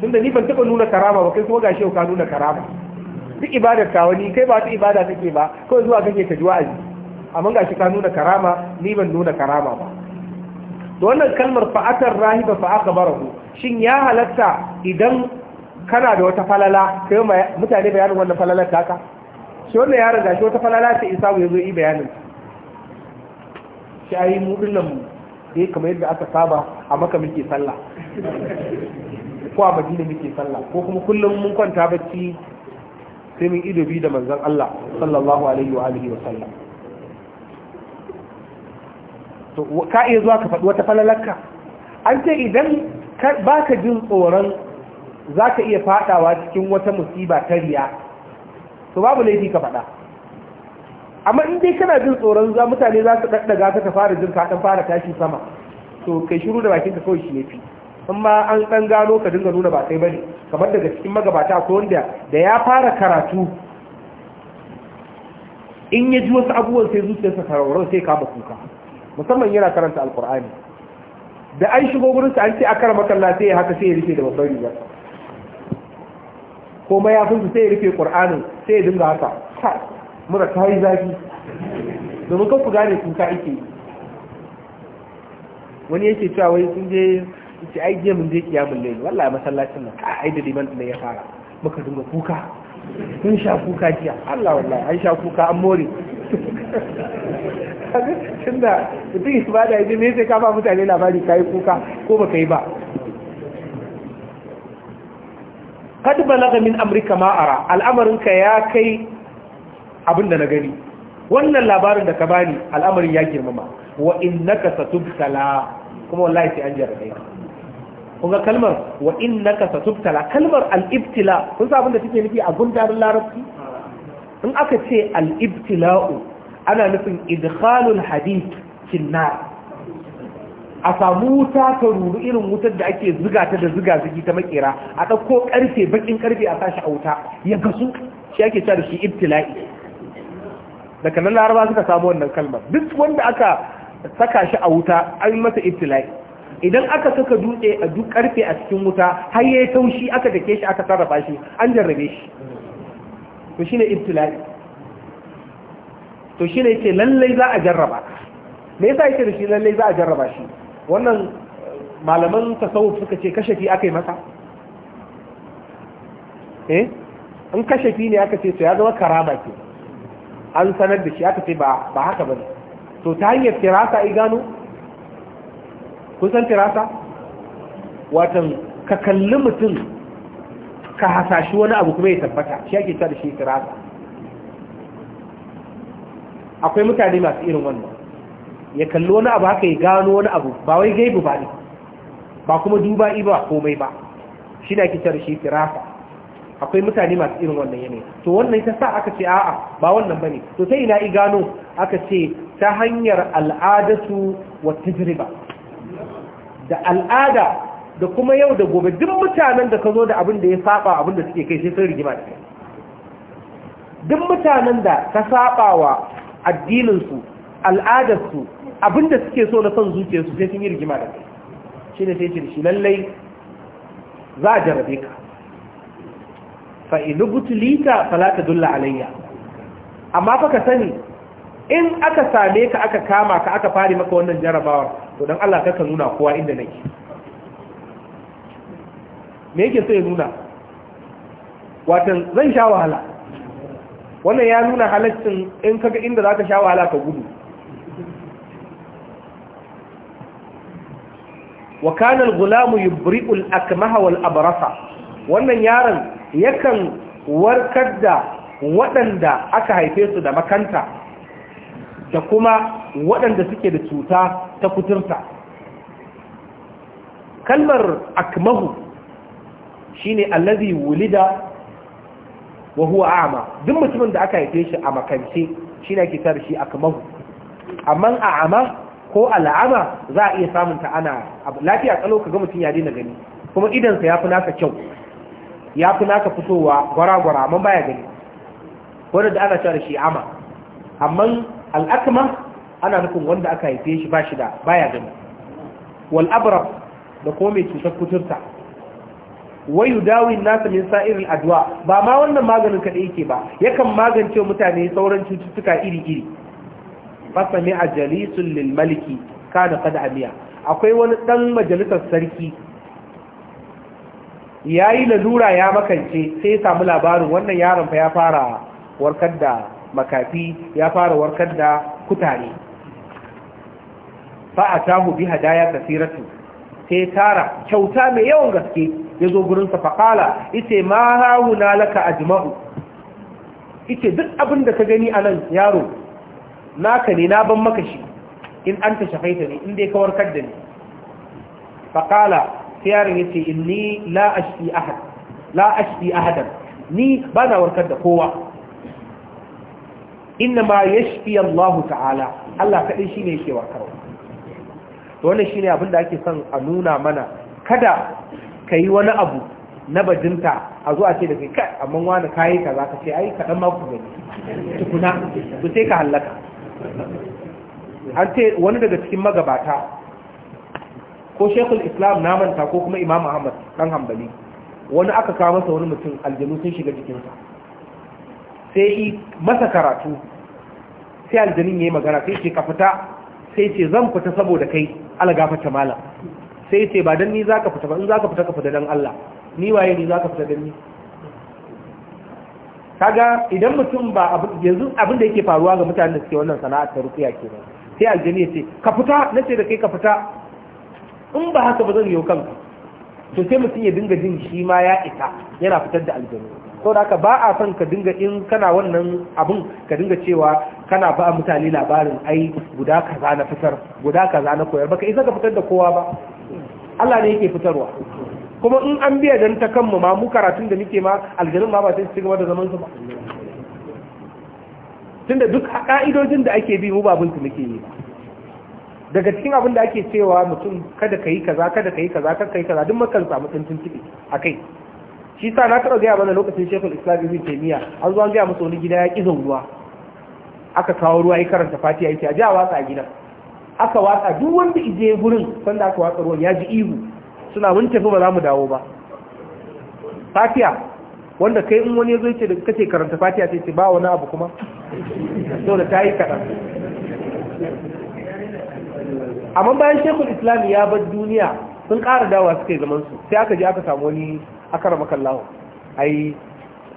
Speaker 1: tunda ni ban taba nuna karama ba kai kuma gashi ka nuna karama duk ibadar ka wani kai ba ta ibada kake ba kawai zuwa kake ka ji wa'azi amma gashi ka nuna karama ni ban nuna karama ba to wannan kalmar fa'atar rahiba fa akhbarahu shin ya halatta idan kana da wata falala kai mutane bayanin wannan falalar taka shi wannan ya riga shi wata falala ta isa ya zo yi bayanin shi ayi mu da ya eh, kama yadda aka saba a maka muke sallah ko a madina muke sallah ko kuma kullum mun kwanta bacci sai mun ido bi da manzon Allah sallallahu alaihi wa alihi wa sallam to ka iya zuwa ka faɗi wata falalarka an ce idan baka jin tsoron zaka iya fadawa cikin wata musiba ta riya to babu laifi ka faɗa amma in dai kana jin tsoron za mutane za su daddaga ka ta fara jin kaɗan, fara tashi sama to kai shiru da bakin ka kawai shi laifi fi amma an ɗan gano ka dinga nuna ba kai bane kamar daga cikin magabata ko wanda da ya fara karatu in ya ji wasu abubuwan sai zuciyarsa karawarau sai kama kuka musamman yana karanta alkur'ani da an shigo gurinsa an ce a karamakan lafiya haka sai ya rufe da babban rigarsa ko su sai ya rufe ƙur'anin sai ya dinga haka ta mura ta yi zafi domin kan ku gane sun ka ake wani yake cewa wai sun je ce ai je mun je kiyamun lail wallahi masallacin nan a ai da liman ne ya fara muka dinga kuka sun sha kuka jiya Allah wallahi an sha kuka an more tunda mutum ya ba da yaje me sai ka ba mutane labari ka yi kuka ko baka yi ba Kadiba balagha min amrika ma ara al'amarinka ya kai abinda na gani wannan labarin da ka bani al'amarin ya girmama wa innaka satubtala kuma wallahi sai an jarrabe kai kun ga kalmar wa innaka satubtala kalmar al-ibtila kun san abin da take nufi a gundarin larabci in aka ce al-ibtila'u ana nufin idkhalul hadith fil nar a samu wuta ta ruru irin wutar da ake ziga ta da ziga zigi ta makera a ɗauko ƙarfe baƙin ƙarfe a sashi a wuta ya gasu shi ake cewa da shi ibtila'i daga nan laraba suka samu wannan kalmar duk wanda aka saka shi a wuta an masa ibtila'i idan aka saka dutse a duk ƙarfe a cikin wuta har ya taushi aka dake shi aka sarrafa shi an jarrabe shi to shi ne ibtila'i to shi ne ce lallai za a jarraba me yasa yake da shi lallai za a jarraba shi wannan malaman tasawuf suka ce kashafi aka yi masa eh in kashafi ne aka ce to ya zama karama ke an sanar da shi aka ce ba haka ba ne to ta hanyar firasa i gano kusan tirasa watan ka kalli mutum ka hasashi wani abu kuma ya tabbata shi ake ta da shi firasa, akwai mutane masu irin wannan ya kalli wani abu haka ya gano wani abu ba wai gaibu ba ne ba kuma duba iba komai ba shi da kitar shi firafa. akwai mutane masu irin wannan yanayi to wannan ta sa aka ce a'a ba wannan ne to sai ina i gano aka ce ta hanyar al'adatu wa tajriba da al'ada da kuma yau da gobe duk mutanen da ka zo da abin da ya saba abin da suke kai sai sun rigima da kai duk mutanen da ka saba wa addininsu al'adarsu abinda suke so na son zuciyarsu sai sun yi rigima da kai shi ne sai shirshi shi lallai za a jarabe ka fa butulita falata dulla alayya amma fa ka sani in aka same ka aka kama ka aka fari maka wannan jarabawar to don Allah ka nuna kowa inda nake me yake sai nuna watan zan sha wahala wannan ya nuna halaccin in kaga inda za ka sha wahala ka gudu wa gulamu yubri'u al-akmaha abrasa wannan yaron yakan warkar da waɗanda aka haife su da makanta da kuma waɗanda suke da cuta ta kuturta kalmar akmahu ne allazi wulida wa huwa a'ma duk mutumin da aka haife shi a makance shine ake tar shi akmahu amma a'ma ko al'ama za a iya samun ta ana lafiya tsalo ka ga mutum ya daina gani kuma idansa ya fi naka kyau ya fi naka fitowa gwara-gwara amma baya gani wanda da ana cewa shi ama amma al'akma ana nufin wanda aka haife shi ba shi da baya gani wal abra da ko mai cutar kuturta wai yudawi nasa min sa'irin adwa ba ma wannan maganin kaɗai yake ba yakan magance mutane sauran cututtuka iri-iri fasami a jalisun lilmaliki kada kada amiya akwai wani dan majalisar sarki Ya yayi lalura ya makance sai ya samu labarin wannan yaron fa ya fara warkar da makafi ya fara warkar da kutare fa tahu bi hadaya kasiratu sai tara kyauta mai yawan gaske ya zo gurinsa faƙala ita ma hauna laka ajma'u ita duk abin da ka gani anan yaro naka ne na ban maka shi in an ta shafaita ne in dai ka warkar da ni faƙala sai yaron ya ce in ni la a ahad ni ba na warkar da kowa inna ma yashfi Allah ta'ala Allah kaɗai shine yake warkarwa to wannan shine abin da ake son a nuna mana kada ka yi wani abu na bajinta a zuwa ce da kai amma wani kayi za ka ce ai kaɗan maku gani tukuna ku sai ka hallaka an ce wani daga cikin magabata ko shekul islam na manta ko kuma imam ahmad dan hambali wani aka kawo masa wani mutum aljanu sun shiga jikinsa sai yi masa karatu sai aljanin ya yi magana sai ce ka fita sai ce zan fita saboda kai algafata malam. sai ce ba don ni za ka fita ba in za ka fita ka fita don allah ni waye ni za ka fita don ni kaga idan mutum ba yanzu abin da yake faruwa ga mutane da suke wannan sana'ar ta rukiya ba, sai aljani ya ce ka fita na ce da kai ka fita in ba haka ba zan yi kanka to sai mutum ya dinga jin shi ma ya isa yana fitar da aljanu saboda haka ba a son ka dinga in kana wannan abin ka dinga cewa kana ba mutane labarin ai guda kaza na fitar guda kaza na koyar baka isa ka fitar da kowa ba Allah ne yake fitarwa kuma in an biya dan ta kanmu ma mu karatun da muke ma aljanun ma ba sai su gaba da zaman su ba tunda duk ka'idojin da ake bi mu ba su muke yi ba daga cikin abin da ake cewa mutum kada ka yi kaza kada ka yi kaza kada ka yi kaza duk makan samu tuntun ciki a kai shi sa na taɓa gaya mana lokacin shekul islam ibn taimiyya an zo an gaya musu wani gida ya ƙi ruwa aka kawo ruwa ya karanta fatiha ya ce a ja watsa a gidan aka watsa duk wanda ije gurin sanda aka watsa ruwan ya ji ihu suna mun tafi ba za mu dawo ba fatiya wanda kai in wani zai ce da kace karanta fatiya sai ce ba wani abu kuma saboda ta yi kaɗan amma bayan shekul islam ya bar duniya sun ƙara dawa suka yi zaman sai aka je aka samu wani aka rama kallahu ai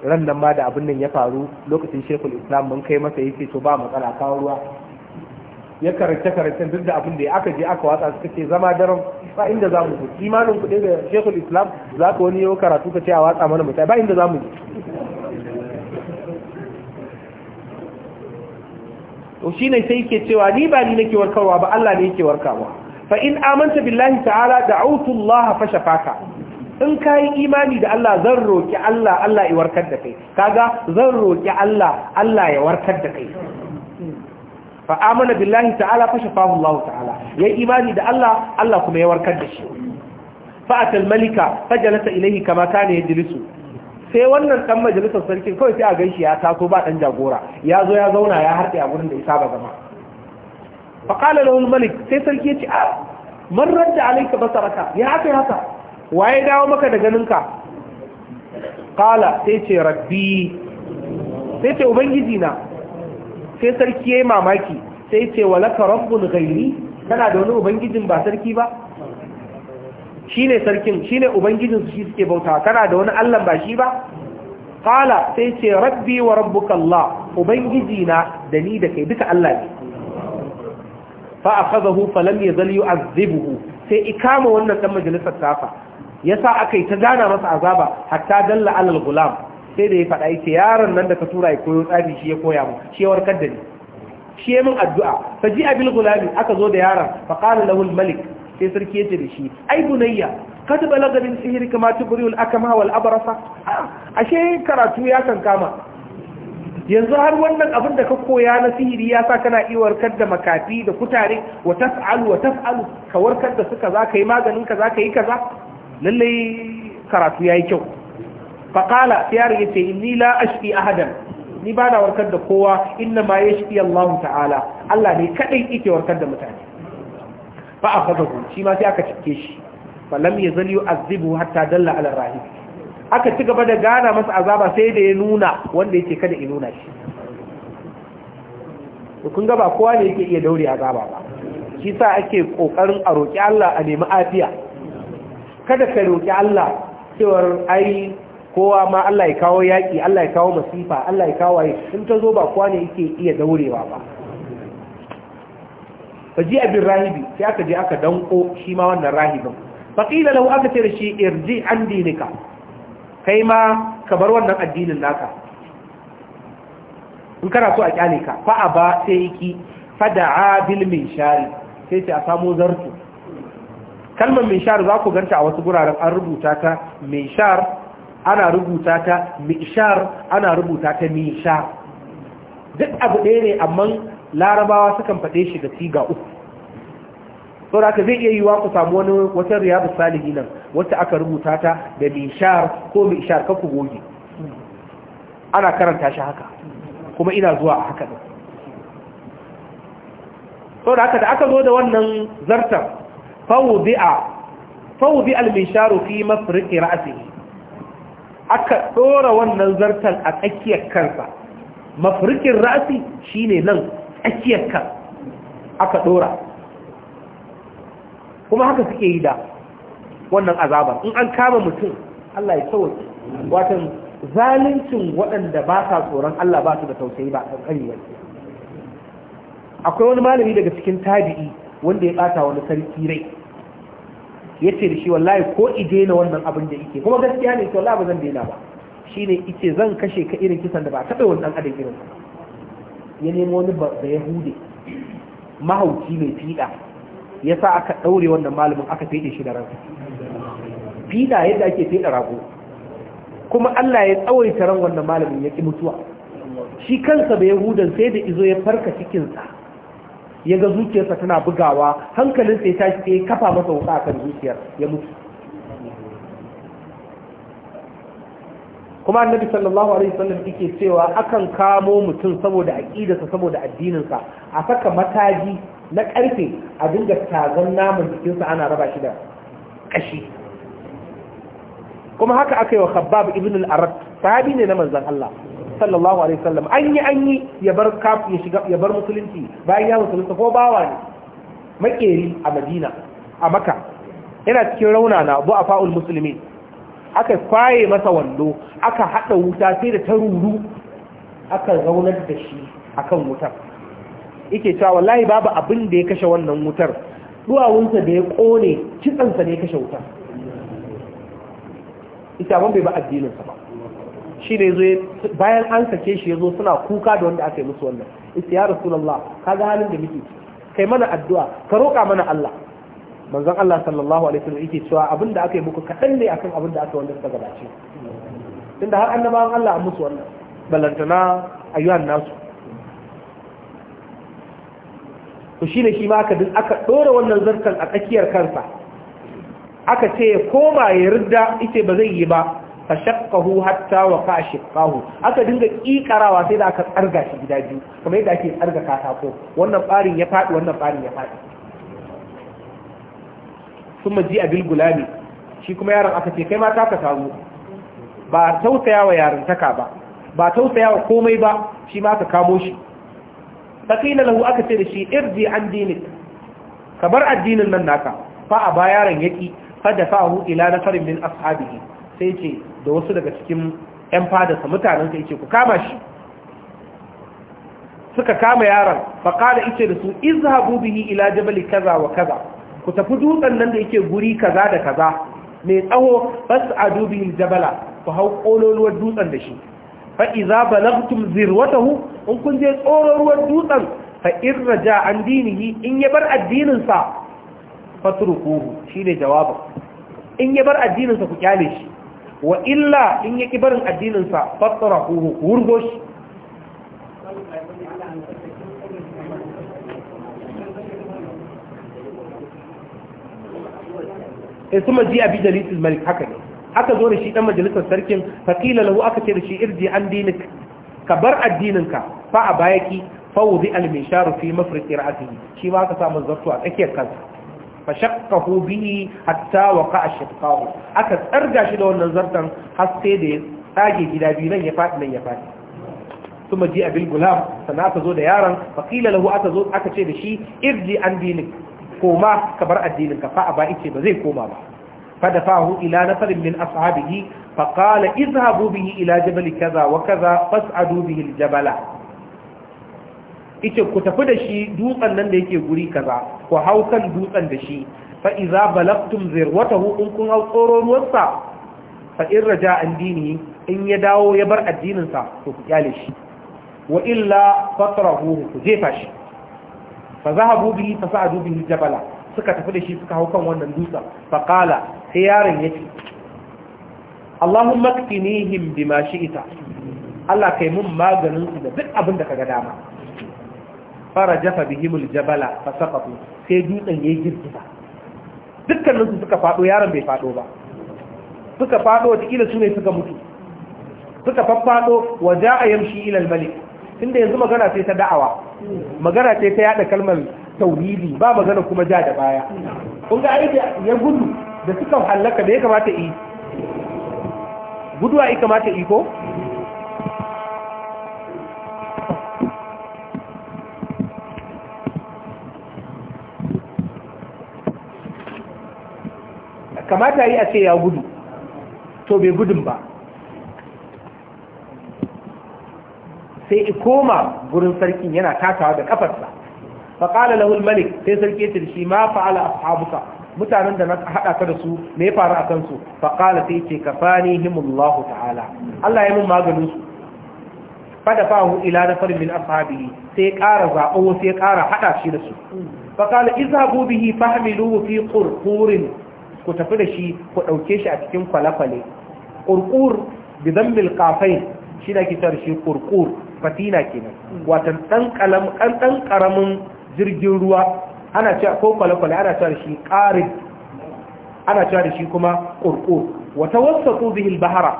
Speaker 1: ran nan ma da abin nan ya faru lokacin shekul islam mun kai masa yake to ba matsala kawo ruwa ya karance karance duk da abin da aka je aka watsa suka ce zama daren ba inda za mu ji imanin ku da shekul islam za ka wani yau karatu ka ce a watsa mana mutane ba inda za mu ji to shi ne sai ke cewa ni ba ni nake warkarwa ba Allah ne yake warkarwa fa in amanta billahi ta'ala da'utu Allah fa shafaka in kai imani da Allah zan roki Allah Allah ya warkar da kai kaga zan roki Allah Allah ya warkar da kai fa amana billahi ta'ala fa shafahu Allah ta'ala yayi imani da Allah Allah kuma ya warkar da shi fa atal malika fajalasa ilayhi kama kana yajlisu sai wannan dan majalisar sarkin kawai sai a ganshi ya taso ba dan jagora ya zo ya zauna ya harɗe a gurin da ya saba zama fa qala lahu malik sai sarki ya ce a ah, man radda alayka basaraka ya haka haka waye dawo maka da ganinka qala sai ce rabbi sai ce ubangiji na sai sarki ya yi mamaki sai ce laka rabbul ghairi kana da wani ubangijin ba sarki ba Shi ne sarkin ne ubangijin su shi suke bauta kana da wani allan ba shi ba qala sai ce rabbi wa rabbuka Allah ubangiji da ni da kai duka Allah ne fa akhadahu falam yazal yu'azzibuhu sai ikama wannan dan majalisar tafa yasa akai ta gana masa azaba hatta dalla alal gulam sai da ya faɗa yake yaron nan da ka tura ya koyo tsafi shi ya koya mu shi ya warkar da ni shi ya min addu'a fa ji abil gulami aka zo da yaron fa qala lahu al malik sai sarki ya ce da shi ai bunayya kad balaga min sihri kama tubriul akama wal abrasa ashe karatu ya kan kama yanzu har wannan abin da ka koya na sihiri ya sa kana iya warkar da makafi da kutare wa taf'alu wa taf'alu ka warkar da suka za yi maganin ka za ka yi kaza lallai karatu ya yi kyau faƙala sai yaron ya ce inni la ashki ahadan ni ba na warkar da kowa inna ma ya shi ta'ala Allah ne kaɗai ike warkar da mutane ba a faga ku shi ma sai aka cike shi fa lam yazal yu'azzibu hatta dalla ala rahib aka ci gaba da gana masa azaba sai da ya nuna wanda yake kada ya nuna shi to kun ga ba kowa ne yake iya daure azaba ba shi sa ake kokarin a roki Allah a nemi afiya kada ka roki Allah cewar ai kowa ma Allah ya kawo yaƙi Allah ya kawo masifa Allah ya kawo ayi. in ta zo ba kowa ne yake iya daurewa ba faji abin rahibi sai aka je aka danko shi ma wannan rahibin faqila lahu aka ce da shi irji an dinika kai ma ka bar wannan addinin naka in kana so a kyale ka fa aba sai yiki fada'a bil minshari sai ce a samu zartu kalmar minshar za ku ganta a wasu guraren an rubuta ta minshar ana rubuta ta mishar ana rubuta ta misha duk abu ɗaya ne amma larabawa sukan faɗe shi da siga uku sau da aka zai iya yi wa ku samu wani wata riyadu salihi nan wata aka rubuta ta da mishar ko mishar ka ku goge ana karanta shi haka kuma ina zuwa a haka ɗin sau da aka da aka zo da wannan zartar fawo bi'a fawo bi'a al-misharu fi mafirin ra'asihi aka ɗora wannan zartan a tsakiyar kansa mafirkin rasi ne nan tsakiyar kan aka ɗora kuma haka suke yi da wannan azaba in an kama mutum Allah ya tsawaki watan zalincin waɗanda ba sa tsoron Allah ba su da tausayi ba a ƙarewar akwai wani malami daga cikin tabi'i wanda ya ɓata wani sarki rai ya ce da shi wallahi ko i daina wannan abin da yake kuma gaskiya ne to wallahi ba zan daina ba shine ice zan kashe ka irin kisan da ba taɓa wani ɗan adam irin ya nemo wani da ya hude mahauci mai fiɗa ya sa aka ɗaure wannan malamin aka fiɗe shi da ransa fiɗa yadda ake fiɗa rago kuma Allah ya tsawaita ran wannan malamin ya ƙi mutuwa shi kansa da yahudan sai da izo ya farka cikinsa ya ga zuciyarsa tana bugawa hankalin sai tashi sai kafa masa wuka akan zuciyar ya mutu kuma annabi sallallahu alaihi wasallam yake cewa akan kamo mutum saboda aqidarsa saboda addininsa a saka mataji na karfe a dinga tazan naman jikinsa ana raba shi da kashi kuma haka aka yi wa khabbab ibn al-arad sahabi ne na manzon Allah sallallahu alaihi wasallam an yi an yi ya bar kaf ya shiga ya bar musulunci bayan ya musulunta ko bawa ne makeri a Madina a Makka yana cikin rauna na bu Afa'ul Muslimin aka kwaye masa wando aka hada wuta sai da ta ruru aka zaunar da shi akan wutar yake cewa wallahi babu abin da ya kashe wannan wutar duwawunsa da ya kone kitsansa ne ya kashe wutar ita ban bai ba addininsa ba shi ne zo bayan an sake shi ya zo suna kuka da wanda aka yi musu wannan ita ya rasulallah ka ga halin da muke kai mana addu'a ka roƙa mana Allah manzon Allah sallallahu alaihi wasallam yake cewa abin da aka yi muku kaɗan ne akan abin da aka wanda suka gabace tunda har annabawan Allah an musu wannan balantana ayyuhan nasu to shine shi ma aka aka dora wannan zartan a tsakiyar kansa aka ce ya koma ya ridda ita ba zai yi ba fashakkahu hatta waqa shiqqahu aka dinga kikarawa sai da aka tsarga shi gida biyu kamar yadda ake tsarga katako wannan barin ya fadi wannan barin ya fadi kuma ji abil gulami shi kuma yaron aka ce kai ma ta ka samu ba tausayawa yaron taka ba ba tausayawa komai ba shi ma ka kamo shi sakina lahu aka ce da shi irji an dinik ka bar addinin nan naka fa a ba yaron yaki fa da hu ila nasarin min ashabihi sai ce da wasu daga cikin 'yan fadarsa mutanensa yake ku kama shi suka kama yaron faƙada ice da su izhabu bihi ila jabali kaza wa kaza ku tafi dutsen nan da yake guri kaza da kaza mai tsawo basu bihi jabala ku hau kololuwar dutsen da shi fa idza balagtum zirwatahu in kun je tsororuwar dutsen fa in raja an dinihi in ya bar addinin sa fatrukuhu shine jawabin in ya bar addinin sa ku kyale shi wa illa in ya ƙi barin addininsa fattara huru wurgo shi in eh, su maji abi jalisul malik haka ne aka zo da shi ɗan majalisar sarkin fakila lahu aka ce da shi irji an dinik ka bar addininka fa a bayaki fa wuzi al-misharu fi mafriqi ra'atihi shi ma aka samu zartu a tsakiyar kansa fa bihi hatta waqa'a shiqqahu aka tsarga shi da wannan zartan har sai da ya tsage gida biyu nan ya faɗi nan ya faɗi ثم جاء aka zo da yaron faqila lahu aka zo aka ce da shi irji an dinik koma ka bar addinin ka fa aba ce ba zai koma ba fa dafahu ila nafarin min ashabihi fa qala izhabu bihi ila jabal kaza wa kaza fas'adu bihi al jabala ita ku tafi da shi dutsen nan da yake guri kaza ku hau kan dutsen da shi fa iza balagtum zirwatahu in kun hau tsoro ruwansa fa in raja an dini in ya dawo ya bar addinin sa to ku kyale shi wa illa fatrahu ku jefa shi fa zahabu bihi fa sa'adu bihi jabala suka tafi da shi suka hau kan wannan dutsen fa qala sai yaron yace Allahumma ktinihim bima shi'ita Allah kai mun maganin su da duk abin da ga dama fara jafa bihimul jabala fa saqatu sai dutsen yayi girgiza dukkanin su suka fado yaron bai fado ba suka fado wataƙila su ne suka mutu suka faffado wa ja'a yamshi ila al-malik tunda yanzu magana sai ta da'awa magana sai ta yada kalmar tauhidi ba magana kuma ja da baya kun ga aiki ya gudu da suka hallaka da ya kamata yi guduwa ya kamata yi ko kamata yi a ce ya gudu to bai gudun ba sai i koma gurin sarkin yana tatawa da kafarsa faƙala lahul malik sai sarki ya tirshi ma fa'ala ashabuka mutanen da na haɗa ka da su me ya faru a kansu faƙala sai ce kafani himullahu ta'ala Allah ya mun maganin su fada fahu ila na farin min ashabi sai ƙara zaɓo sai ƙara haɗa shi da su faƙala izhabu bihi fahmiluhu fi qurqurin ku tafi da shi ku ɗauke shi a cikin kwale-kwale ƙurƙur bi zammil kafai shi na kitar shi ƙurƙur fatina nan. watan ɗan ƙaramin jirgin ruwa ana cewa ko kwale-kwale ana cewa da shi ƙarin ana cewa da shi kuma ƙurƙur wata wasu ko bahara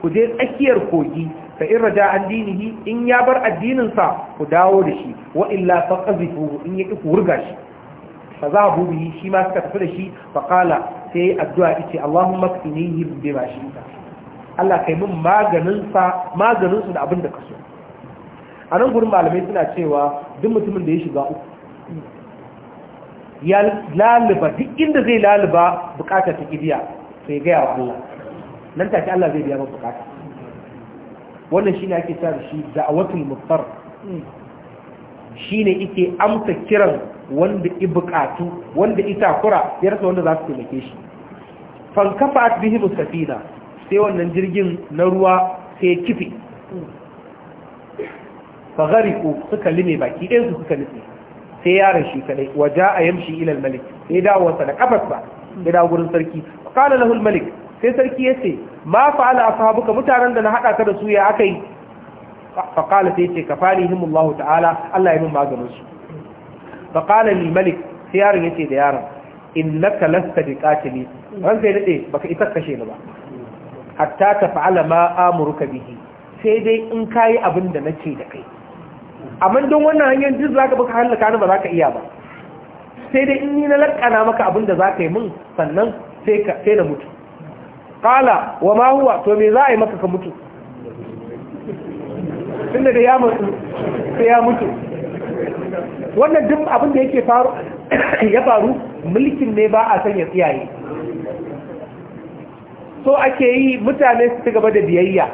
Speaker 1: ku je tsakiyar kogi fa in raja an dinihi in ya bar addininsa ku dawo da shi wa illa fa qazifu in ya ku wurga shi fa zahabu bihi shi ma suka tafi da shi fa sai addu'a yace Allahumma kfinihim bima shi'ta Allah kai mun maganin da abin da kaso a nan gurin malamai suna cewa duk mutumin da ya shiga uku ya laliba, duk inda zai laliba bukatar ta kibiya sai gaya wa Allah nan take Allah zai biya masa bukata wannan shine ake sa da shi da da'awatul muftar shine yake amsa kiran wanda ibukatu wanda ita kura ya rasa wanda za su taimake shi fankafa at bihi musafina sai wannan jirgin na ruwa sai kifi fagariku suka lime baki ɗin su suka nufi sai yaron shi kadai waje a yamshi ilal malik sai dawowarsa da ba. ya dawo gurin sarki kala lahul malik sai sarki ya ce ma fa'ala ashabuka mutanen da na haɗa ka da su ya akai kala sai ce kafani himmullahu ta'ala Allah ya min maganin su fa qala lil malik sai yaron yace da yaron in innaka lasta biqatili ran sai ba ka isa kashe ni ba hatta taf'ala ma Amurka bihi sai dai in ka yi abin da nace da kai amma don wannan hanyar duk zaka baka halaka ni ba za ka iya ba sai dai in ni na lakana maka abin da zaka yi min sannan sai na mutu Ƙala wa ma huwa to me za a yi maka ka mutu tunda da ya mutu sai ya mutu wannan duk abin da yake faru ya faru mulkin ne ba a sanya tsiyaye so ake yi mutane su ci gaba da biyayya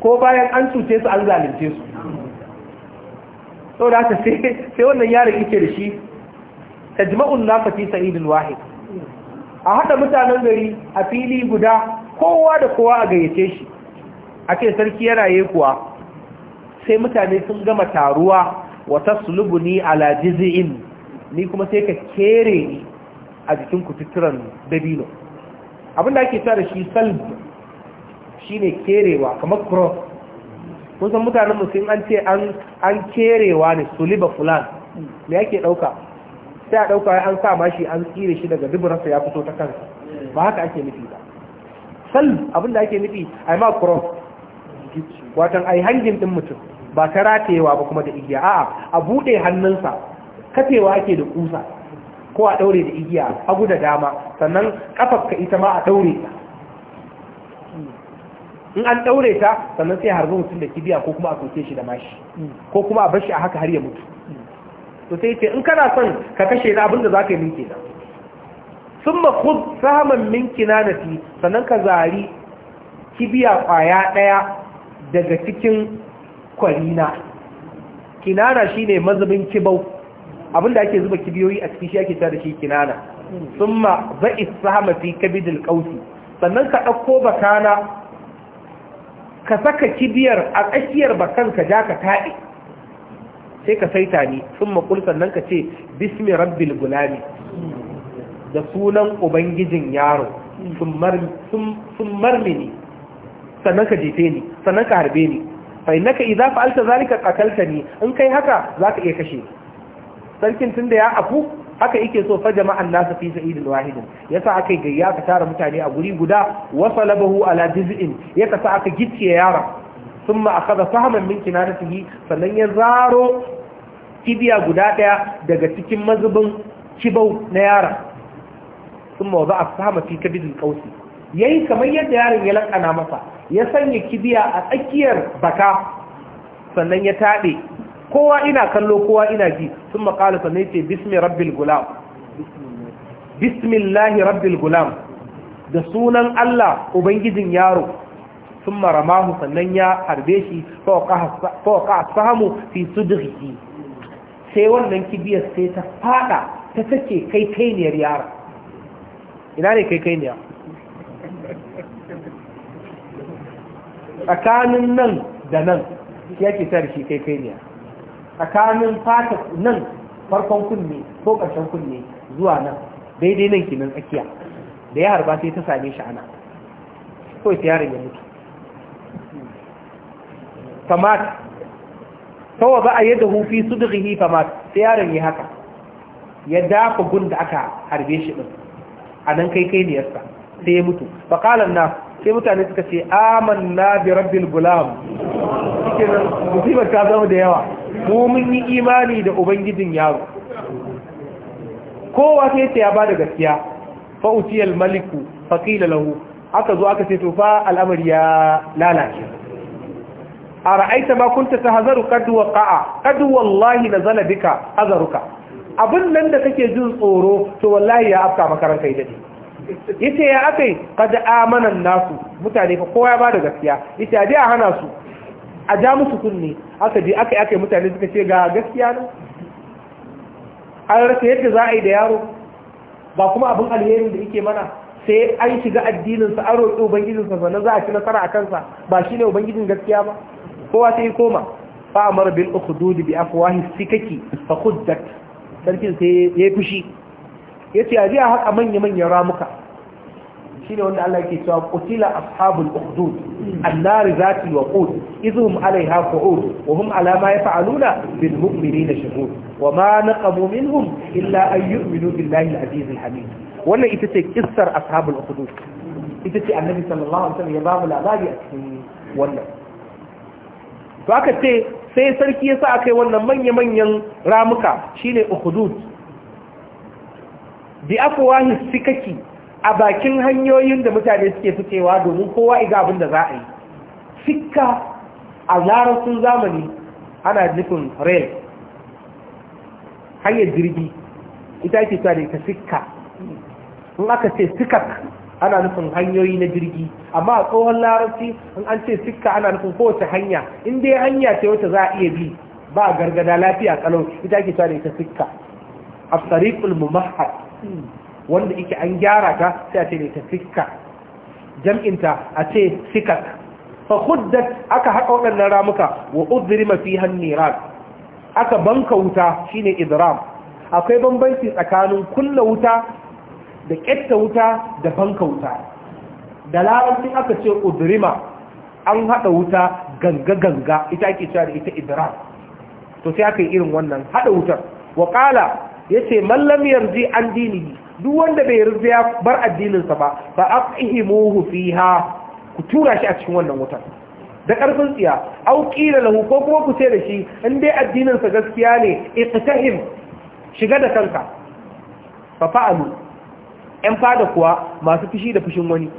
Speaker 1: ko bayan an cuce su an zalunce su so da haka sai wannan yaron yake da shi jima'un nasa fi sa'idin wahid a haɗa mutanen gari a fili guda kowa da kowa a gayyace shi Ake sarki yana yi kuwa sai mutane sun gama taruwa wa taslubuni ala jiz'in ni kuma sai ka kere ni a jikin kututturan dabino abinda ake tare shi salb shine kerewa kamar cross kun san mutanen musulun an ce an kerewa ne suliba fulan me yake dauka sai a dauka an sa mashi an tsire shi daga duburarsa ya fito ta kansa ba haka ake nufi ba salb abinda ake nufi ai ma cross watan ai hangin din mutum ba ta ratewa ba kuma da igiya a'a a buɗe hannunsa katewa ake da kusa ko a ɗaure da igiya hagu da dama sannan kafafka ita ma a ɗaure ta in an ɗaure ta sannan sai harbi mutum da kibiya ko kuma a soke shi da mashi ko kuma a bashi a haka har ya mutu to sai ce in kana son ka kashe na abinda za ka yi minke na sun ma kud samun minki na nafi sannan ka zari kibiya kwaya ɗaya daga cikin kwarina kinana shi ne mazubin kibau abinda ake zuba kibiyoyi a cikin shi ake tare shi kinana Sun ma ba'is sahama fi kabidil qawsi sannan ka dauko bakana ka saka kibiyar a tsakiyar bakan ka ja ka taɗe sai ka saita ni Sun qul sannan ka ce bismi rabbil gulami da sunan ubangijin yaro sun marmini sannan ka jefe ni sannan ka harbe ni fa innaka idza fa'alta zalika qataltani in kai haka zaka iya kashe sarkin tunda ya afu haka yake so fa jama'an nasu fi sa'idin wahidin yasa aka gayya ka tara mutane a guri guda wa salabahu ala jiz'in ya sa aka gicce yara thumma akhadha sahman min kinanatihi sannan ya zaro kibiya guda daya daga cikin mazubin kibau na yara thumma wada'a sahma fi kabidil qawsi ya yi kamar yadda yaron ya lankana masa ya sanya kibiya a tsakiyar baka sannan ya taɗe kowa ina kallo kowa ina ji sun makala sannan ce bismi rabbil da sunan Allah ubangijin yaro sun maramahu sannan ya harbe shi fawaka samu fi su suduriki sai wannan kibiyar sai ta fada ta take kai kainiyar yara ina ne kai kainiyar tsakanin nan da nan yake tare shi kai kai ne tsakanin fata nan farkon kunne ko ƙarshen kunne zuwa nan daidai nan kinan tsakiya da ya harba sai ta same shi ana kawai ta yaron ya mutu famat kawa ba a yadda hufi su dukkan famat sai yaron ya haka ya dafa gun da aka harbe shi din a nan kai kai ne yasta sai ya mutu faƙalar nasu sai mutane suka ce amanna bi rabbil gulam nan musibar ta zama da yawa mu mun yi imani da ubangijin yaro kowa sai ya ba da gaskiya fa utiyal maliku fa qila lahu aka zo aka ce to fa al'amari ya lalace A ra'aita ma kunta hazaru qad kaa, kadu wallahi nazala bika hazaruka abin nan da kake jin tsoro to wallahi ya afka makaranka idade yace ya akai kada amanan nasu mutane fa kowa ba da gaskiya yace a je a hana su a ja musu kunne aka je akai akai mutane suka ce ga gaskiya ne an yadda za a yi da yaro ba kuma abin alherin da yake mana sai an shiga addininsa an roƙi ubangijinsa sannan za a ci nasara a kansa ba shi ne ubangijin gaskiya ba kowa sai ya koma fa'amar bil ukhdud bi afwahi sikaki fa khuddat sarkin sai ya fushi ya ce a a haka manya-manyan ramuka shi ne wanda Allah ke cewa kutila ashabul ukhdud annari zati wa qud izhum alaiha qu'ud wa hum ala ma yaf'aluna bil mu'minina shuhud wa ma naqamu minhum illa an yu'minu billahi al aziz al hamid wannan ita ce kissar ashabul ukhdud ita ce annabi sallallahu alaihi wasallam ya ba mu labari a cikin wannan to aka ce sai sarki yasa akai wannan manya-manyan ramuka shine ukhdud bi afwahi sikaki a bakin hanyoyin da mutane suke fitewa domin kowa iga abin da za a yi sikka a larabcin zamani ana nufin rail hanyar jirgi ita ake ta ne ita sikka in aka ce sikak ana nufin hanyoyi na jirgi amma a tsohon larabci in an ce sikka ana nufin kowace hanya in dai hanya ce wata za a iya bi ba gargada lafiya kalau ita ake ta ne ita sikka a mu mumahad wanda ike an gyara ta sai a ce ne ta fika jam'inta a ce fika fa aka haka waɗannan ramuka wa mafi hannun iran aka banka wuta shi ne idram akwai bambanci tsakanin kulla wuta da ƙetta wuta da banka wuta da larabci aka ce udrima an haɗa wuta ganga ganga ita ake cewa da ita idram to sai aka yi irin wannan haɗa wutar wa ƙala yace mallam lam yarji an dini duk wanda bai yarda ya bar addininsa ba ba fa afhimuhu fiha ku tura shi a cikin wannan wutar da ƙarfin tsiya au da lahu ko kuma ku ce da shi in dai addininsa gaskiya ne iqtahim shiga da kanka fa fa'alu ƴan fada kuwa masu fushi da fushin wani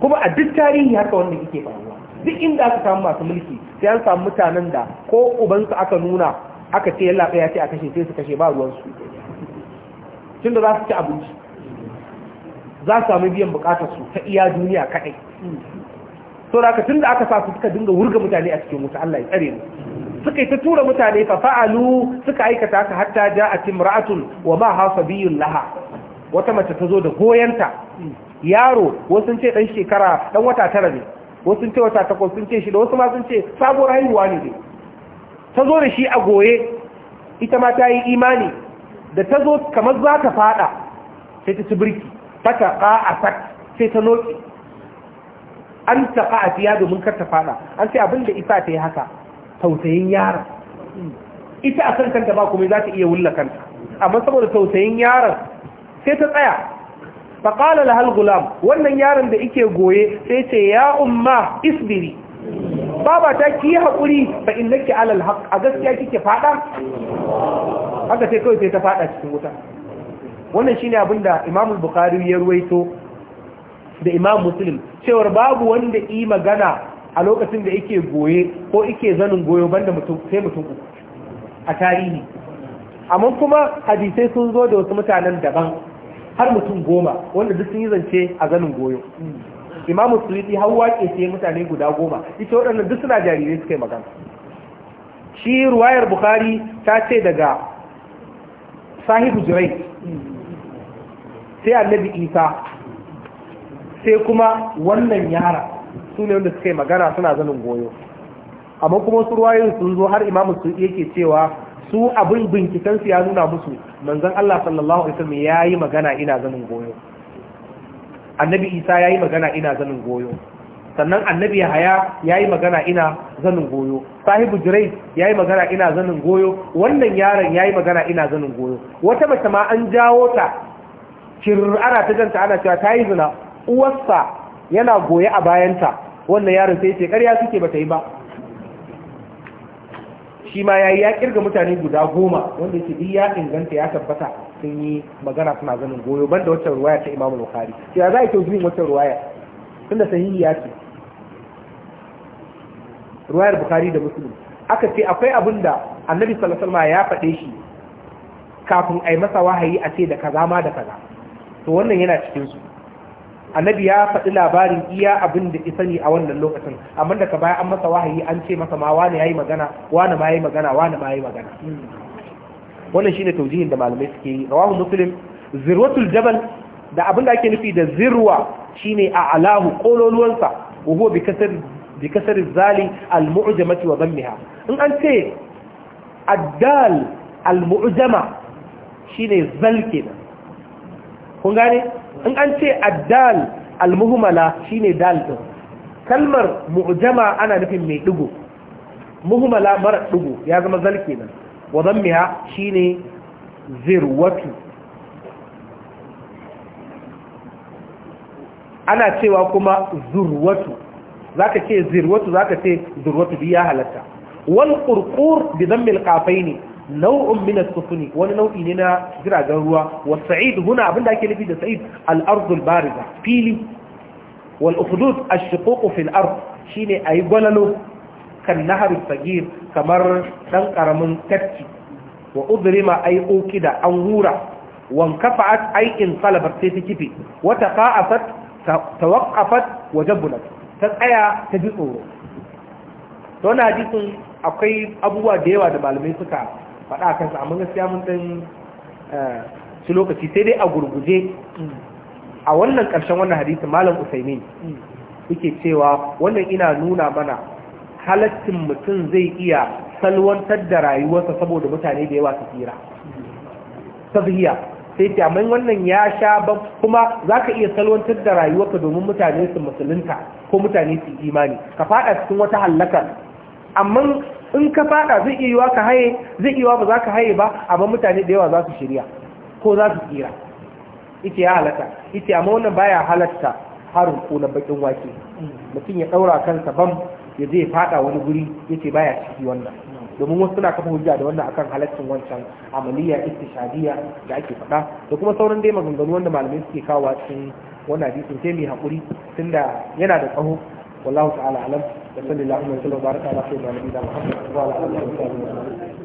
Speaker 1: kuma a duk tarihi haka wanda yake faruwa duk inda aka samu masu mulki sai an samu mutanen da ko ubansu aka nuna aka ce yalla ya ce a kashe sai su kashe ba ruwansu tun da za su ci abinci za su sami biyan su ta iya duniya kaɗai to da tun da aka sa su suka dinga wurga mutane a cikin wuta Allah ya tsare mu suka ta tura mutane fa fa'alu suka aikata ka hatta ja'at imra'atun wa ma hasabiyun laha wata mace ta zo da goyanta yaro wasu ce dan shekara dan wata tara ne wasu ce wata takwas sun ce shi da wasu ma sun ce sabuwar haihuwa ne dai ta zo da shi a goye ita ma ta yi imani da ta zo kamar za ta fada sai ta ci birki fata ƙa'a sat sai ta noki an taƙa a fiya domin kar ta fada an sai abin da ita ta yi haka tausayin yaron ita a kan kanta ba kuma za ta iya wulla kanta amma saboda tausayin yaron sai ta tsaya faƙala hal gulam wannan yaron da ike goye sai ce ya umma isbiri baba ta ki haƙuri ba in nake alal haƙ a gaskiya kike fada haka sai kawai sai ta fada cikin wuta wannan shine abin da imamul bukari ya ruwaito da imam muslim cewar babu wanda yi magana a lokacin da yake goye ko yake zanin goyo banda mutum sai mutum uku a tarihi amma kuma hadisai sun zo da wasu mutanen daban har mutum goma wanda duk sun yi zance a zanin goyo imamu suliti har wake sai mutane guda goma ita waɗannan duk suna jarirai suka yi magana shi ruwayar bukhari ta ce daga sahibu jirai sai annabi isa sai kuma wannan yara su ne wanda suka yi magana suna zanin goyo amma kuma su Ruwayar sun zo har imamu su yake cewa su abin binkitansu ya nuna musu manzan Allah sallallahu alaihi wasallam ya yi magana ina zanin goyo annabi isa ya yi magana ina zanin goyo sannan annabi yahaya ya yi magana ina zanin goyo sahibu jirai ya yi magana ina zanin goyo wannan yaron ya yi magana ina zanin goyo wata mace ma an jawo ta cir ana ta janta ana cewa ta yi zina uwarsa yana goye a bayanta wannan yaron sai ce karya suke bata yi ba shi ma ya yi ya kirga mutane guda goma wanda ce ya inganta ya tabbata sun yi magana suna zanen goyo ban da wacce ruwaya ta imamu bukhari to ya za a kyau zuwa wacce ruwaya da sahihi ya ce ruwayar bukhari da Musulun. aka ce akwai abin da annabi salasalma ya faɗe shi kafin a yi masa wahayi a ce da kaza ma da kaza to wannan yana cikin su annabi ya faɗi labarin iya abin da isa ne a wannan lokacin amma daga baya an masa wahayi an ce masa ma wani yi magana wani ma ya yi magana wani ma ya yi magana wannan shine taujihin da malamai suke yi rawahu muslim zirwatul jabal da abin da ake nufi da zirwa shine a alahu kololuwansa wa huwa bi kasar bi kasar zali al mu'jamati wa dhammiha in an ce addal al mu'jama shine zalke kun gane in an ce addal al muhmala shine dal din kalmar mu'jama ana nufin mai digo muhmala mara digo ya zama zalke nan miya shi ne zirwatu ana cewa kuma zurwatu ka ce zirwatu ka ce zurwatu biya halatta wal qurqur bi dhammil qafaini nau'un min as-sufuni wani nau'i ne na jiragen ruwa wa sa'id huna abinda ake nufi da sa'id al bariza fili wal a ash-shuquq fi al-ard shine ayi gwalalo kan naharin sagir kamar ɗan karamin tafki wa udrima ay da an hura kafa'at ay in kalabar sai ta kife wata taqa'afat tawaqqafat wa jabbulat ta tsaya ta ji tsoro to na sun akwai abubuwa da yawa da malamai suka faɗa kansa amma gaskiya mun dan su eh, lokaci sai dai a gurguje a wannan ƙarshen wannan hadisi malam usaimin mm. yake cewa wannan ina nuna mana halaccin mutum zai iya salwantar da rayuwarsa saboda mutane da yawa su tsira tafiya sai ta amma wannan ya sha ba kuma za ka iya salwantar da rayuwarka domin mutane su musulunta ko mutane su imani ka fada cikin wata hallaka amma in ka fada zai iya yiwa ka haye zai iya ba za ka haye ba amma mutane da yawa za su shirya ko za su tsira ita ya halatta ita amma wannan baya halatta harin kuna bakin wake mutum ya daura kansa ban ya zai fada wani guri yace baya ciki wannan domin wasu suna kafa hujja da wannan akan halaccin wancan amaliya istishadiya da ake faɗa da kuma sauran dai maganganu wanda malamai suke kawo cikin wannan hadisin sai mai hakuri tunda yana da tsaho wallahu ta'ala alam وصلى الله وسلم وبارك على سيدنا نبينا محمد وعلى اله وصحبه وسلم